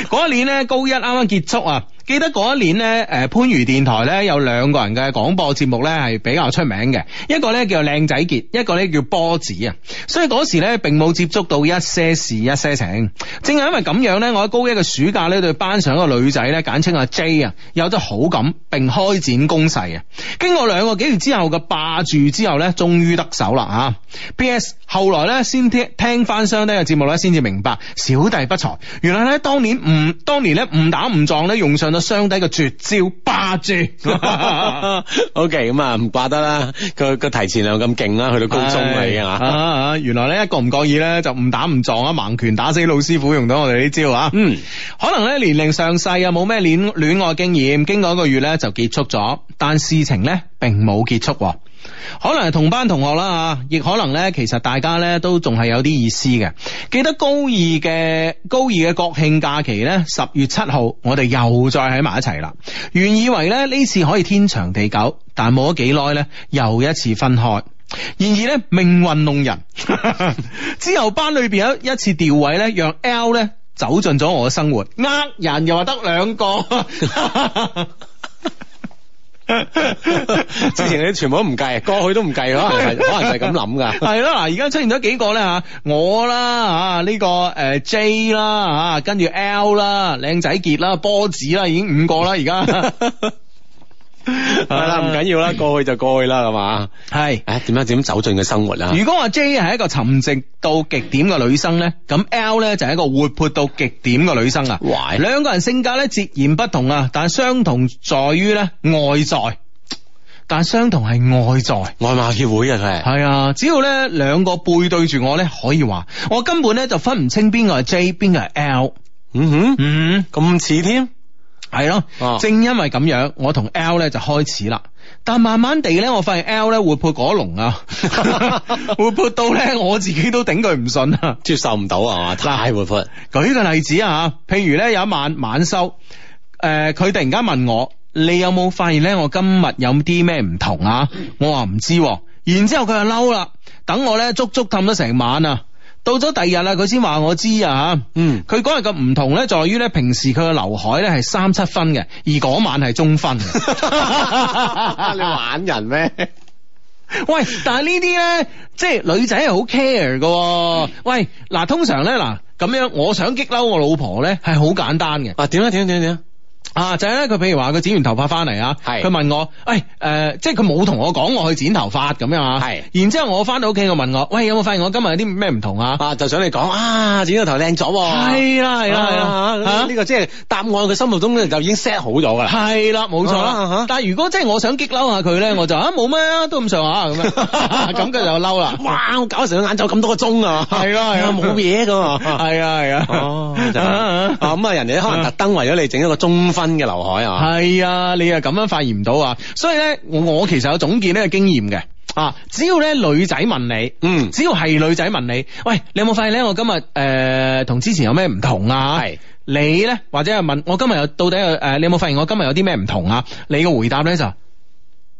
嗰一年咧高一啱啱結束啊。記得嗰一年呢，誒、呃，番禺電台呢，有兩個人嘅廣播節目呢，係比較出名嘅，一個呢，叫靚仔杰，一個呢，叫波子啊。所以嗰時呢，並冇接觸到一些事一些情，正係因為咁樣呢，我喺高一嘅暑假呢，對班上一個女仔呢，簡稱阿 J 啊，有咗好感，並開展攻勢啊。經過兩個幾月之後嘅霸住之後呢，終於得手啦吓。P.S. 後來呢，先聽聽翻雙登嘅節目呢，先至明白小弟不才，原來呢，當年唔當年呢，誤打誤撞呢，用上咗。相底嘅絕招霸住 ，OK，咁啊，唔怪得啦，佢佢提前量咁勁啦，去到高中啦已、 哎、啊，啊，原來咧一個唔覺意咧就誤打誤撞啊，盲拳打死老師傅，用到我哋呢招啊，嗯，可能咧年齡上細啊，冇咩戀戀愛經驗，經過一個月咧就結束咗，但事情咧並冇結束。可能係同班同學啦，亦可能呢，其實大家呢都仲係有啲意思嘅。記得高二嘅高二嘅國慶假期呢，十月七號，我哋又再喺埋一齊啦。原以為呢，呢次可以天長地久，但冇咗幾耐呢，又一次分開。然而呢，命運弄人， 之後班裏邊有一次調位呢，讓 L 呢走進咗我嘅生活。呃，人又話得兩個。 之前你全部都唔計，過去都唔計咯， 可能係咁諗㗎。係咯， 嗱，而家出現咗幾個咧嚇，我啦啊，呢、這個誒、呃、J 啦嚇，跟住 L 啦，靚仔傑啦，波子啦，已經五個啦而家。係啦，唔緊、 啊、要啦，過去就過去啦，係嘛是？係、啊，誒，點樣點樣走進嘅生活啦？如果話 J 係一個沉靜到極點嘅女生呢，咁 L 呢就係一個活潑到極點嘅女生啊。壞哇，兩個人性格呢截然不同啊，但係相同在於呢外在，但相同係外在。外貌協會啊，佢係啊，只要呢兩個背對住我呢，可以話我根本呢就分唔清邊個係 J，邊個係 L。嗯哼，嗯，咁似添。係咯，啊、正因為咁樣，我同 L 咧就開始啦。但慢慢地咧，我發現 L 咧活潑果龍啊， 活潑到咧我自己都頂佢唔順啊，接受唔到啊，太活潑。舉個例子啊，譬如咧有一晚晚收，誒、呃，佢突然間問我，你有冇發現咧我今日有啲咩唔同啊？我話唔知，然之後佢就嬲啦，等我咧足足氹咗成晚啊。到咗第二日啦，佢先話我知啊吓，嗯，佢嗰日嘅唔同咧，在於咧平時佢嘅劉海咧係三七分嘅，而嗰晚係中分。 你玩人咩？喂，但係呢啲咧，即係女仔係好 care 嘅。嗯、喂，嗱、啊，通常咧嗱咁樣，我想激嬲我老婆咧係好簡單嘅。啊，點啊點啊點啊點啊！啊，就係咧，佢譬如話佢剪完頭髮翻嚟啊，佢問我，喂，誒，即係佢冇同我講我去剪頭髮咁樣啊，係，然之後我翻到屋企佢問我，喂，有冇發現我今日有啲咩唔同啊？啊，就想你講啊，剪咗頭靚咗，係啦，係啦，係啦，呢個即係答案。佢心目中就已經 set 好咗噶啦，係啦，冇錯啦，但係如果真係我想激嬲下佢咧，我就啊冇咩，都咁上下咁樣，咁佢就嬲啦，哇，我搞成個晏晝咁多個鐘啊，係啊係啊，冇嘢噶，係啊係啊，咁啊，人哋可能特登為咗你整一個中新嘅劉海啊，係啊，你又咁樣發現唔到啊，所以咧，我其實有總結呢個經驗嘅啊，只要咧女仔問你，嗯，只要係女仔問你，喂，你有冇發現咧，我今日誒同之前有咩唔同啊？係你咧，或者係問我今日又到底又誒，你有冇發現我今日、呃、有啲咩唔同啊？你個回答咧就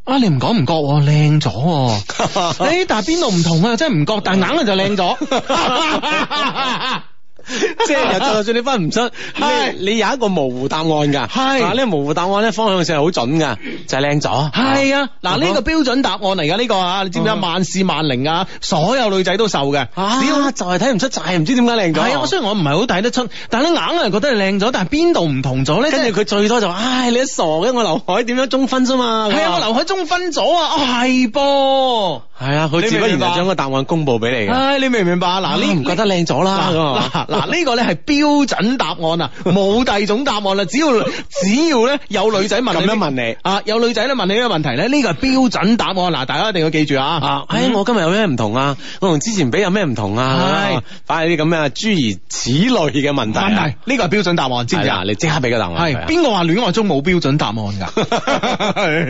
啊，你唔講唔覺、喎，靚咗、喎，誒， 但係邊度唔同啊？真係唔覺，但硬係就靚咗。 即係，就算你分唔出，係是你，你有一個模糊答案噶。係嗱是，呢、啊、個模糊答案咧，方向性係好準噶，就係靚咗。係啊，嗱呢、啊啊、個標準答案嚟噶呢個啊，你知唔知啊？萬試萬靈啊，所有女仔都受嘅。啊，就係睇唔出，就係唔知點解靚咗。係啊，我雖然我唔係好睇得出，但係咧硬係覺得靚咗。但係邊度唔同咗咧？跟住佢最多就唉、哎，你一傻嘅，我劉海點樣中分啫嘛。係啊，啊，我劉海中分咗、哦、啊，係噃。哦係啊，佢自不然就將個答案公布俾你嘅。唉，你明唔明白啊？嗱，你唔覺得靚咗啦。嗱，呢個咧係標準答案啊，冇第二種答案啦。只要只要咧有女仔問，咁樣問你啊，有女仔咧問你呢個問題咧，呢個係標準答案。嗱、啊這個，大家一定要記住啊。啊、嗯，唉、哎，我今日有咩唔同啊？我同之前比有咩唔同啊？係、哎，反係啲咁嘅諸如此類嘅問，問題。呢、這個係標準答案，知唔知啊？你即刻俾個答案。係邊個話戀愛中冇標準答案噶？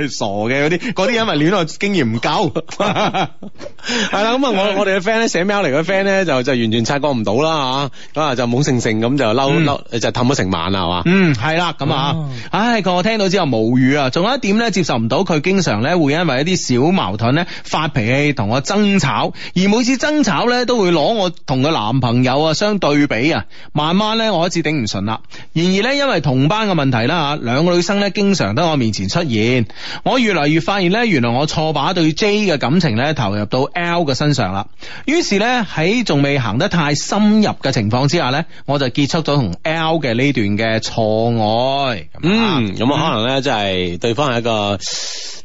傻嘅嗰啲，嗰啲因咪戀愛經驗唔夠。係啦，咁 我我哋嘅 friend 咧，寫 mail 嚟嘅 friend 咧，就就完全察覺唔到啦吓，啊就懵盛盛咁就嬲嬲，就氹咗成晚啦，係嘛？嗯，係啦，咁啊，唉、嗯，當、哦哎、我聽到之後無語啊。仲有一點咧，接受唔到佢經常咧會因為一啲小矛盾咧發脾氣，同我爭吵，而每次爭吵咧都會攞我同個男朋友啊相對比啊。慢慢咧，我一次頂唔順啦。然而咧，因為同班嘅問題啦，吓兩個女生咧經常喺我面前出現，我越嚟越發現咧，原來我錯把對 J 嘅感情咧。投入到 L 嘅身上啦，於是咧喺仲未行得太深入嘅情況之下咧，我就結束咗同 L 嘅呢段嘅錯愛。嗯，咁啊、嗯，可能咧即係對方係一個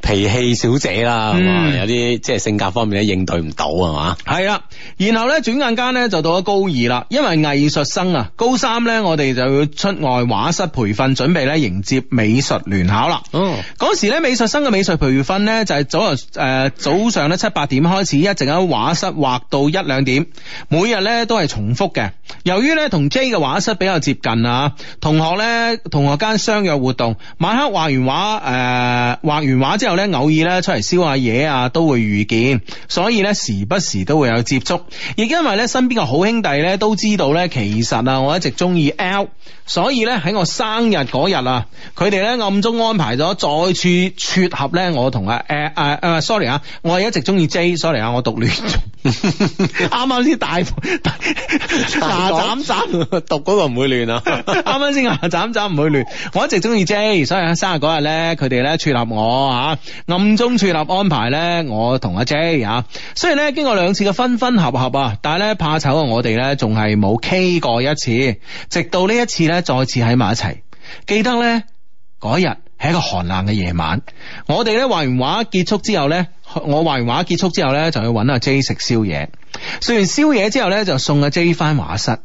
脾氣小姐啦，係嘛、嗯，有啲即係性格方面咧應對唔到啊嘛。係啦、嗯吧，然後咧轉眼間咧就到咗高二啦，因為藝術生啊，高三咧我哋就要出外畫室培訓，準備咧迎接美術聯考啦。嗯、哦，嗰時咧美術生嘅美術培訓咧就係早誒、呃、早上咧。七八點開始，一直喺畫室畫到一兩點，每日咧都係重複嘅。由於咧同 J 嘅畫室比較接近啊，同學咧同學間相約活動，晚黑畫完畫誒畫完畫之後咧，偶爾咧出嚟燒下嘢啊，都會遇見，所以咧時不時都會有接觸。亦因為咧身邊嘅好兄弟咧都知道咧，其實啊我一直中意 L，所以咧喺我生日嗰日啊，佢哋咧暗中安排咗再次撮合咧我同阿誒誒誒，sorry 啊，我係一直中。中意 J sorry 啊，我讀亂咗。啱啱先大大牙斬斬讀嗰個唔會亂啊，啱啱先啊，斬斬唔會亂。我一直中意 J，所以喺生日嗰日咧，佢哋咧撮合我啊，暗中撮合安排咧，我同阿 J 啊。雖然咧經過兩次嘅分分合合啊，但係咧怕醜啊，我哋咧仲係冇 K 過一次，直到呢一次咧再次喺埋一齊。記得咧嗰日。喺一個寒冷嘅夜晚，我哋咧畫完畫結束之後咧，我畫完畫結束之後咧就去搵阿 J 食宵夜，食完宵夜之後咧就送阿 J 返畫室，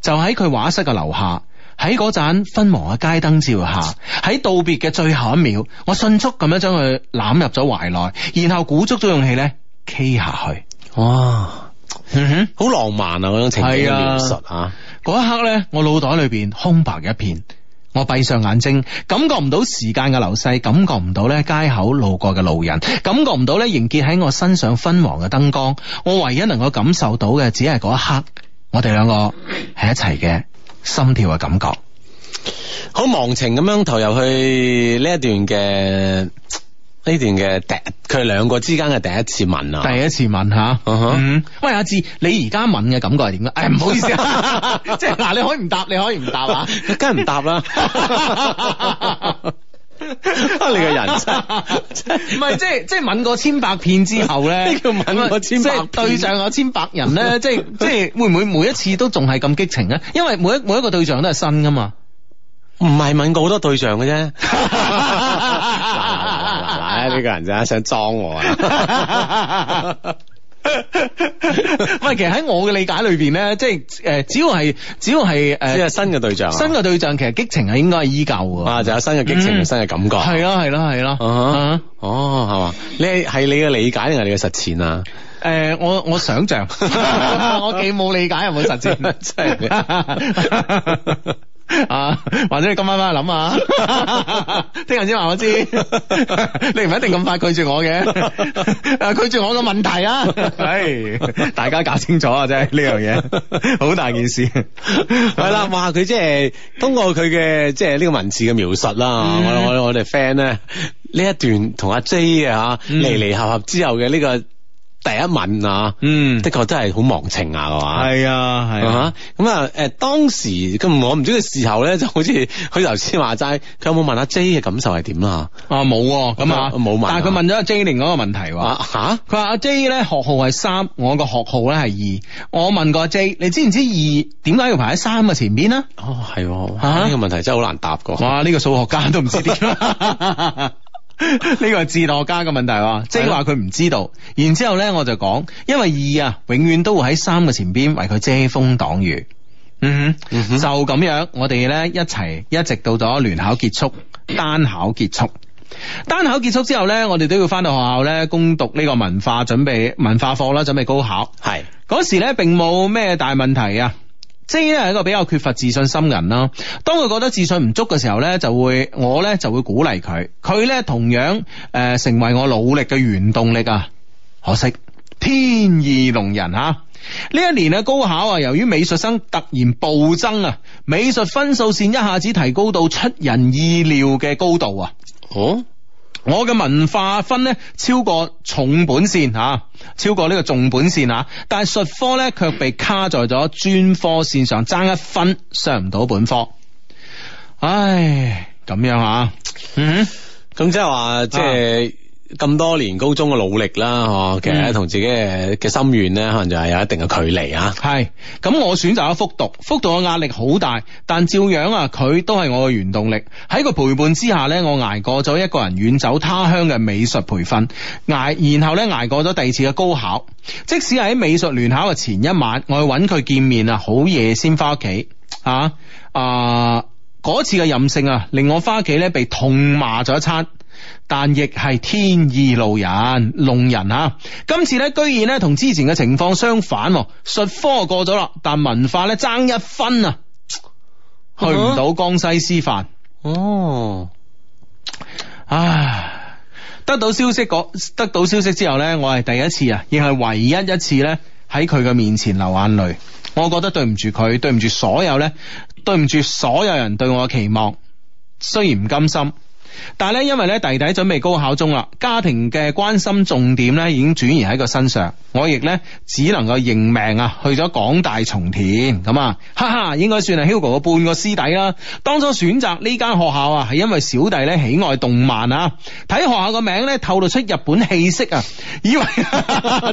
就喺佢畫室嘅樓下，喺嗰盞昏黃嘅街燈照下，喺道別嘅最後一秒，我迅速咁樣將佢攬入咗懷內，然後鼓足咗勇氣咧 K 下去，哇，嗯哼，好浪漫啊嗰種情係啊，現實啊，嗰一刻咧我腦袋裏邊空白一片。我閉上眼睛，感覺唔到時間嘅流逝，感覺唔到咧街口路過嘅路人，感覺唔到咧凝結喺我身上昏黃嘅燈光。我唯一能夠感受到嘅，只係嗰一刻，我哋兩個喺一齊嘅心跳嘅感覺。好忘情咁樣投入去呢一段嘅。呢段嘅第佢兩個之間嘅第一次吻啊，第一次吻吓，uh huh. 嗯，喂阿志，你而家吻嘅感覺係點咧？誒、哎，唔好意思、啊， 即係嗱，你可以唔答，你可以唔答啊，梗係唔答啦， 你嘅人生真係唔係即係即係吻過千百遍之後咧，即係吻過千百對象有千百人咧，即係即係會唔會每一次都仲係咁激情咧？因為每一每一個對象都係新噶嘛，唔係吻過好多對象嘅啫。 呢、啊呢個人就想裝我啊？唔 其實喺我嘅理解裏邊咧，即係誒、呃，只要係、呃、只要係誒，即係新嘅對、啊、對象，新嘅對象其實激情係應該係依舊啊，就是、有新嘅激情，嗯、新嘅感覺、啊，係啊，係咯、呃，係咯，哦，哦，係嘛？你係你嘅理解定係你嘅實踐啊？誒，我我想象，我既冇理解又冇實踐，真係 的。 啊，或者你今晚翻去諗下，聽日先話我知、啊，你唔係一定咁快拒絕我嘅、啊啊，拒絕我個問題啊，係， 大家搞清楚啊，真係呢樣嘢好大件事。係啦， 話佢即係通過佢嘅即係呢個文字嘅描述啦、嗯，我我我哋 friend 咧呢一段同阿 J 啊離離合合之後嘅呢、這個。第一問啊，嗯，的確真係好忘情啊，係啊，係啊，咁啊，誒，當時咁我唔知嘅時候咧，就好似佢頭先話齋，佢有冇問阿 J 嘅感受係點啊？啊，冇，咁啊，冇問，但係佢問咗阿 J 玲嗰個問題話，吓，佢話阿 J 咧學號係三，我個學號咧係二，我問過阿 J，你知唔知二點解要排喺三嘅前邊、哦、啊？哦、啊，係、啊，吓，呢個問題真係好難答噶，哇，呢、呢個數學家都唔知點。 呢個係自作家嘅問題，即係話佢唔知道。哦、然之後咧，我就講，因為二啊，永遠都會喺三個前邊為佢遮風擋雨。嗯哼， 就咁樣，我哋呢一齊一直到咗聯考結束，單考結束，單考結束之後呢，我哋都要翻到學校呢攻讀呢個文化準備文化課啦，準備高考。係嗰是時呢，並冇咩大問題啊。即係咧，係一個比較缺乏自信心人啦。當佢覺得自信唔足嘅時候呢，就會我呢，就會鼓勵佢。佢呢同樣誒成為我努力嘅原動力啊。可惜天意弄人吓。呢一年嘅高考啊，由於美術生突然暴增啊，美術分數線一下子提高到出人意料嘅高度啊。哦。我嘅文化分咧超過重本線吓、啊，超過呢個重本線吓、啊，但係術科咧卻被卡在咗專科線上，爭一分上唔到本科。唉，咁樣吓、啊，嗯哼，咁即係話即係。嗯就是咁多年高中嘅努力啦，嗬、嗯，其實同自己嘅心願呢，可能就係有一定嘅距離啊。係，咁我選擇咗復讀，復讀嘅壓力好大，但照樣啊，佢都係我嘅原動力。喺個陪伴之下呢，我挨過咗一個人遠走他鄉嘅美術培訓，挨，然後呢，挨過咗第二次嘅高考。即使係喺美術聯考嘅前一晚，我去揾佢見面啊，好夜先翻屋企啊。啊，嗰、呃、次嘅任性啊，令我翻屋企呢，被痛罵咗一餐。但亦係天意路人弄人啊！今次咧，居然咧同之前嘅情況相反，術科過咗啦，但文化咧爭一分啊，去唔到江西師範哦。唉，得到消息嗰，得到消息之後咧，我係第一次啊，亦係唯一一次咧喺佢嘅面前流眼淚。我覺得對唔住佢，對唔住所有咧，對唔住所有人對我嘅期望。雖然唔甘心。但係咧，因為咧弟弟準備高考中啦，家庭嘅關心重點咧已經轉移喺佢身上，我亦咧只能夠認命啊，去咗廣大松田咁啊，哈哈，應該算係 Hugo 嘅半個師弟啦。當初選擇呢間學校啊，係因為小弟咧喜愛動漫啊，睇學校個名咧透露出日本氣息啊，以為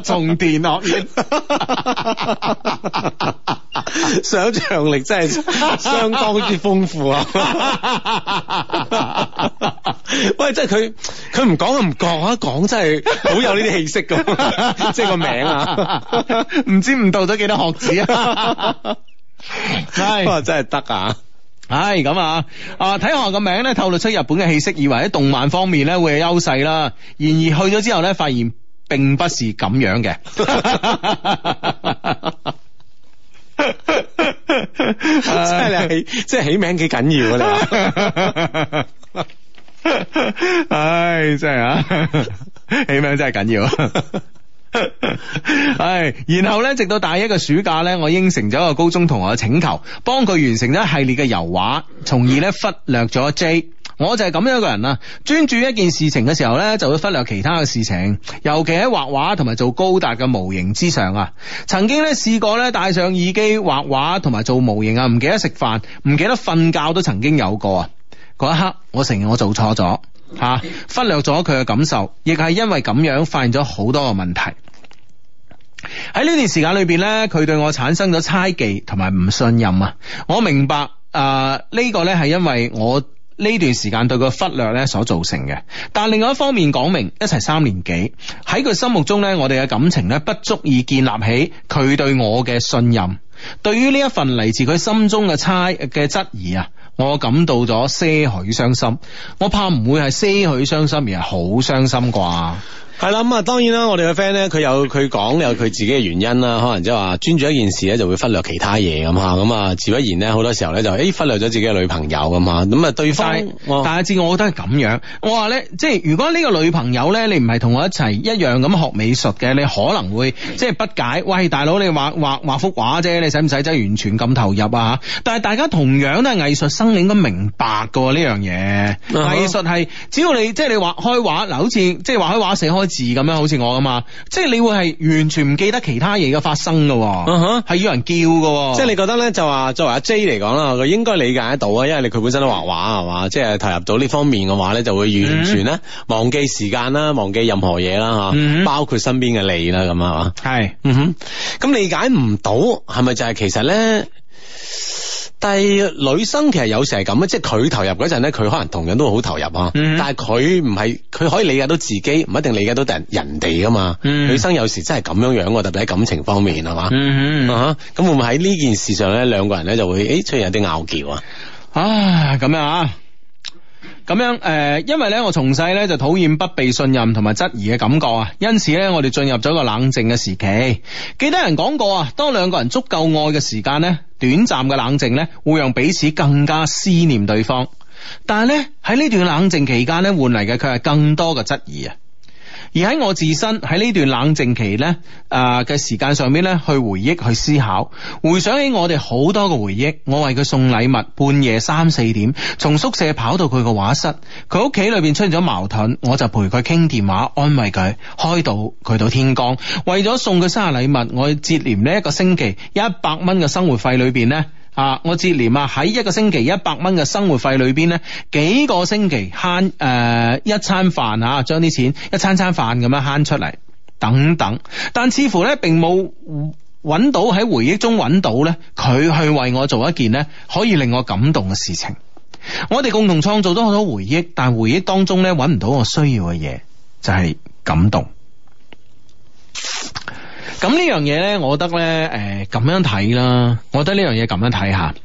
松 田學院。 想象力真係相當之豐富啊！ 喂，即係佢佢唔講都唔講，一講真係好有呢啲氣息噶，即係個名啊， 唔知誤導咗幾多學子啊！係真係得啊、， 哎、啊！唉，咁啊，睇學校個名咧，透露出日本嘅氣息，以為喺動漫方面咧會有優勢啦。然而去咗之後咧，發現並不是咁樣嘅。 真係你起，即係起名幾緊要啊！你話，唉，真係啊， 起名真係緊要。 係， 然後咧，直到大一嘅暑假咧，我應承咗個高中同學嘅請求，幫佢完成一系列嘅油畫，從而咧忽略咗 J。我就係咁樣一個人啊，專注一件事情嘅時候咧，就會忽略其他嘅事情。尤其喺畫畫同埋做高達嘅模型之上啊，曾經咧試過咧戴上耳機畫畫同埋做模型啊，唔記得食飯，唔記得瞓覺都曾經有過啊。嗰一刻，我承認我做錯咗。吓、啊，忽略咗佢嘅感受，亦係因為咁樣發現咗好多嘅問題。喺呢段時間裏邊呢，佢對我產生咗猜忌同埋唔信任啊！我明白誒，呢、呃呢個呢，係因為我呢段時間對佢忽略呢所造成嘅。但另外一方面講明，一齊三年幾喺佢心目中呢，我哋嘅感情呢不足以建立起佢對我嘅信任。對於呢一份嚟自佢心中嘅猜嘅質疑啊！我感到咗些許傷心，我怕唔會係些許傷心，而，而係好傷心啩。係啦，咁啊，當然啦，我哋嘅 friend 咧，佢有佢講有佢自己嘅原因啦，可能即係話專注一件事咧，就會忽略其他嘢咁吓，咁啊，自不然咧，好多時候咧就誒忽略咗自己嘅女朋友咁吓，咁啊，對返大家知我覺得係咁樣，我話咧，即係如果呢個女朋友咧，你唔係同我一齊一樣咁學美術嘅，你可能會即係不解，喂，大佬你畫畫畫幅畫啫，你使唔使真係完全咁投入啊？但係大家同樣都係藝術生，你應該明白噶呢樣嘢，藝術係只要你即係你畫開畫嗱，好似即係畫開畫寫開。字咁樣，好似我啊嘛，即係你會係完全唔記得其他嘢嘅發生噶，係、uh huh. 要人叫噶，即係你覺得咧就話作為阿 J 嚟講啦，佢應該理解得到啊，因為你佢本身都畫畫係嘛，即係投入到呢方面嘅話咧，就會完全咧忘記時間啦，忘記任何嘢啦吓，uh huh. 包括身邊嘅你啦咁係嘛，係，咁、uh huh. 理解唔到係咪就係其實咧？但係女生其實有時係咁啊，即係佢投入嗰陣咧，佢可能同樣都會好投入啊。Mm hmm. 但係佢唔係，佢可以理解到自己，唔一定理解到人哋噶嘛。Mm hmm. 女生有時真係咁樣樣嘅，特別喺感情方面係嘛。Mm hmm. 啊，咁會唔會喺呢件事上咧，兩個人咧就會誒、欸、出現有啲拗撬啊？啊，咁樣啊？咁樣誒、呃，因為咧我從細咧就討厭不被信任同埋質疑嘅感覺啊，因此咧我哋進入咗一個冷靜嘅時期。記得人講過啊，當兩個人足夠愛嘅時間咧，短暫嘅冷靜咧，會讓彼此更加思念對方。但係咧喺呢段冷靜期間咧，換嚟嘅佢係更多嘅質疑啊。而喺我自身喺呢段冷靜期咧，啊嘅時間上面咧，去回憶去思考，回想起我哋好多嘅回憶。我為佢送禮物，半夜三四點，從宿舍跑到佢個畫室。佢屋企裏邊出現咗矛盾，我就陪佢傾電話，安慰佢，開導佢到天光。為咗送佢生日禮物，我接連呢一個星期一百蚊嘅生活費裏邊咧。啊！我節儉啊，喺一個星期一百蚊嘅生活費裏邊咧，幾個星期慳誒、呃、一餐飯啊，將啲錢一餐餐飯咁樣慳出嚟等等，但似乎呢，並冇揾到喺回憶中揾到呢，佢去為我做一件呢可以令我感動嘅事情。我哋共同創造咗好多回憶，但回憶當中咧揾唔到我需要嘅嘢，就係、是、感動。咁呢樣嘢呢、呃，我覺得呢，誒，咁樣睇啦。我覺得呢樣嘢咁樣睇下，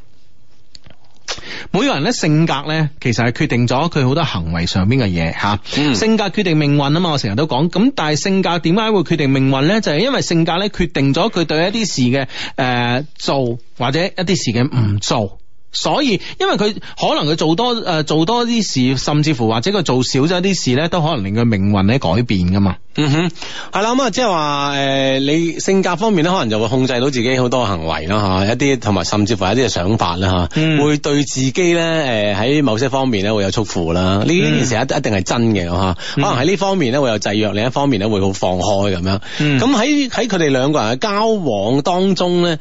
每個人呢，性格呢，其實係決定咗佢好多行為上面嘅嘢吓。嗯、性格決定命運啊嘛，我成日都講。咁但係性格點解會決定命運呢？就係、是、因為性格呢，決定咗佢對一啲事嘅誒、呃、做，或者一啲事嘅唔做。所以，因為佢可能佢做多誒、呃、做多啲事，甚至乎或者佢做少咗啲事咧，都可能令佢命運咧改變噶嘛。嗯哼，係啦咁啊，即係話誒，你性格方面咧，可能就會控制到自己好多行為啦吓、啊，一啲同埋甚至乎一啲嘅想法啦吓，啊嗯、會對自己咧誒喺某些方面咧會有束縛啦。呢件、嗯、事一一定係真嘅吓、啊，可能喺呢方面咧會有制約，另一方面咧會好放開咁樣。咁喺喺佢哋兩個人嘅交往當中咧，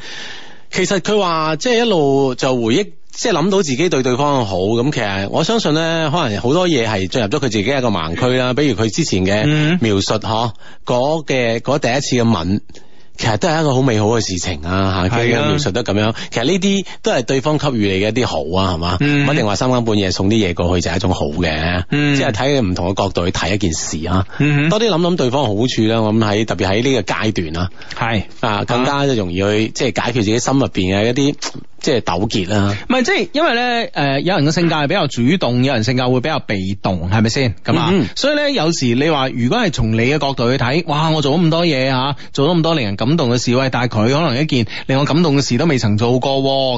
其實佢話即係一路就回憶。即係諗到自己對對方嘅好，咁其實我相信咧，可能好多嘢係進入咗佢自己一個盲區啦。比如佢之前嘅描述，嗬、嗯哼，嗰嘅嗰第一次嘅吻，其實都係一個好美好嘅事情啊！吓，佢嘅描述得咁樣，其實呢啲都係對方給予你嘅一啲好啊，係嘛？唔、嗯、哼一定話三更半夜送啲嘢過去就係一種好嘅，嗯、哼即係睇唔同嘅角度去睇一件事啊。嗯、哼多啲諗諗對方嘅好處啦。我諗喺特別喺呢個階段啊，係啊、嗯哼，更加就容易去即係解決自己心入邊嘅一啲。即係糾結啦、啊，唔係即係因為咧，誒、呃，有人嘅性格係比較主動，有人性格會比較被動，係咪先？咁啊、嗯，所以咧，有時你話如果係從你嘅角度去睇，哇，我做咗咁多嘢吓，做咗咁多令人感動嘅事喂，但係佢可能一件令我感動嘅事都未曾做過，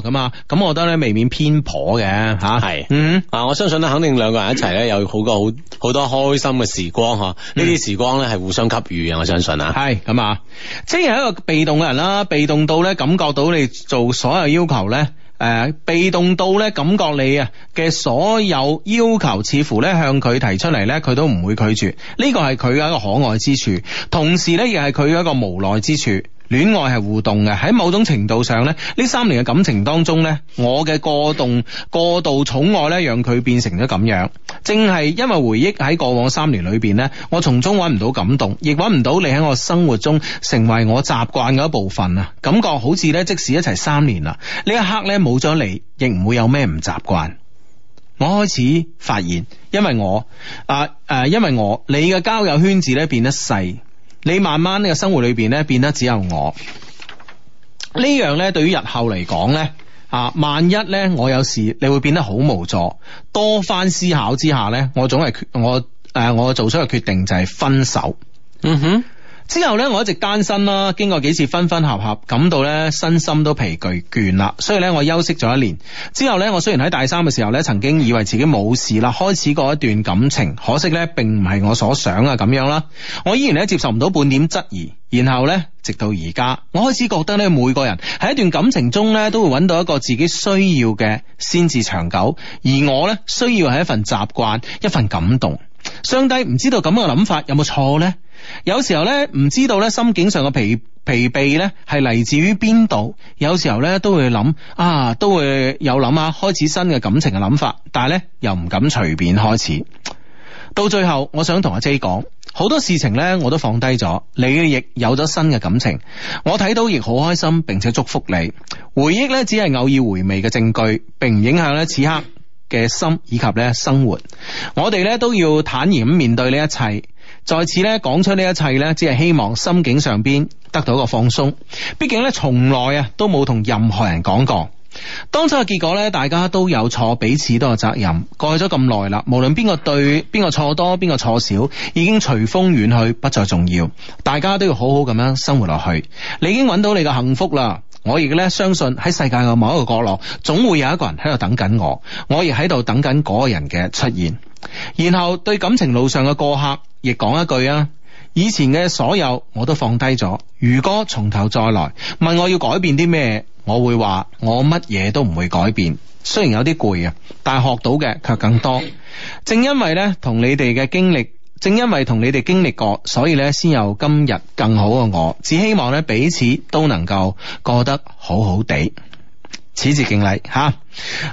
咁啊，咁我覺得咧未免偏頗嘅吓，係、啊，是嗯、啊，我相信咧肯定兩個人一齊咧有好多好好多開心嘅時光呵，呢啲、嗯、時光咧係互相給予嘅。我相信啊，係咁啊，即係一個被動嘅人啦，被動到咧感覺到你做所有要求咧。誒、呃，被動到咧，感覺你啊嘅所有要求，似乎咧向佢提出嚟咧，佢都唔會拒絕。呢個係佢嘅一個可愛之處，同時咧亦係佢嘅一個無奈之處。戀愛係互動嘅，喺某種程度上呢，呢三年嘅感情當中呢，我嘅過度、過度寵愛呢，讓佢變成咗咁樣。正係因為回憶喺過往三年裏邊呢，我從中揾唔到感動，亦揾唔到你喺我生活中成為我習慣嘅一部分啊！感覺好似呢，即使一齊三年啦，呢一刻呢，冇咗你，亦唔會有咩唔習慣。我開始發現，因為我啊誒、啊，因為我你嘅交友圈子呢，變得細。你慢慢呢個生活裏邊咧變得只有我，呢樣咧對於日後嚟講咧啊，萬一咧我有事，你會變得好無助。多番思考之下咧，我總係決我誒，我做出嘅決定就係分手。嗯哼、mm。Hmm. 之後咧，我一直單身啦，經過幾次分分合合，感到咧身心都疲倦攰啦，所以咧我休息咗一年。之後咧，我雖然喺大三嘅時候咧，曾經以為自己冇事啦，開始過一段感情，可惜咧並唔係我所想啊咁樣啦。我依然咧接受唔到半點質疑。然後咧，直到而家，我開始覺得咧，每個人喺一段感情中咧，都會揾到一個自己需要嘅，先至長久。而我咧，需要係一份習慣，一份感動。上帝唔知道咁嘅諗法有冇錯呢？有時候咧，唔知道咧心境上嘅疲疲憊咧係嚟自於邊度。有時候咧都會諗啊，都會有諗啊，開始新嘅感情嘅諗法。但係咧又唔敢隨便開始。到最後，我想同阿 J 講，好多事情咧我都放低咗，你亦有咗新嘅感情，我睇到亦好開心，並且祝福你。回憶咧只係偶爾回味嘅證據，並唔影響咧此刻嘅心以及咧生活。我哋咧都要坦然咁面對呢一切。在此咧講出呢一切咧，只係希望心境上邊得到一個放鬆。畢竟咧，從來啊都冇同任何人講過。當初嘅結果咧，大家都有錯，彼此都有責任。過去咗咁耐啦，無論邊個對邊個錯多，邊個錯少，已經隨風遠去，不再重要。大家都要好好咁樣生活落去。你已經揾到你嘅幸福啦。我亦咧相信喺世界嘅某一個角落，總會有一個人喺度等緊我。我亦喺度等緊嗰個人嘅出現。然後對感情路上嘅過客，亦講一句啊：以前嘅所有我都放低咗。如果從頭再來，問我要改變啲咩，我會話我乜嘢都唔會改變。雖然有啲攰啊，但係學到嘅卻更多。正因為咧，同你哋嘅經歷。正因為同你哋經歷過，所以咧，先有今日更好嘅我。只希望咧，彼此都能夠過得好好地。此致敬禮，吓。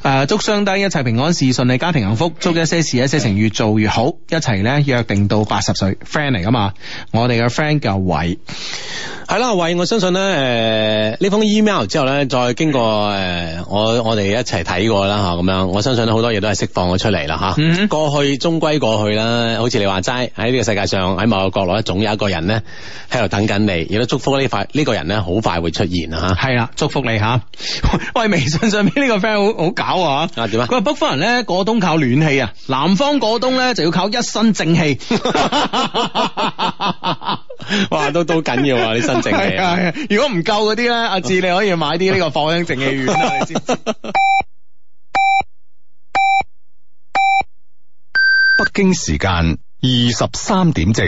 誒、啊，祝雙低一切平安事順利，家庭幸福。祝一些事一些情越做越好，一齊咧約定到八十歲，friend 嚟噶嘛？我哋嘅 friend 叫偉，係啦，偉，我相信咧，誒、呃，呢封 email 之後咧，再經過誒、呃，我我哋一齊睇過啦吓，咁樣，我相信好多嘢都係釋放咗出嚟啦吓。啊嗯、哼過去終歸過去啦，好似你話齋喺呢個世界上喺某個角落咧，總有一個人咧喺度等緊你，亦都祝福呢塊呢個人咧，好快會出現啦吓。係、啊、啦，祝福你吓，啊、 喂，微信上邊呢個 friend 好，好搞啊！點啊？佢話北方人咧過冬靠暖氣啊，南方過冬咧就要靠一身正氣。 哇，都都緊要啊！呢身正氣、啊， 如果唔夠嗰啲咧，阿、啊、志你可以買啲呢個藿香正氣丸啦。你知，知？ 北京時間二十三點正。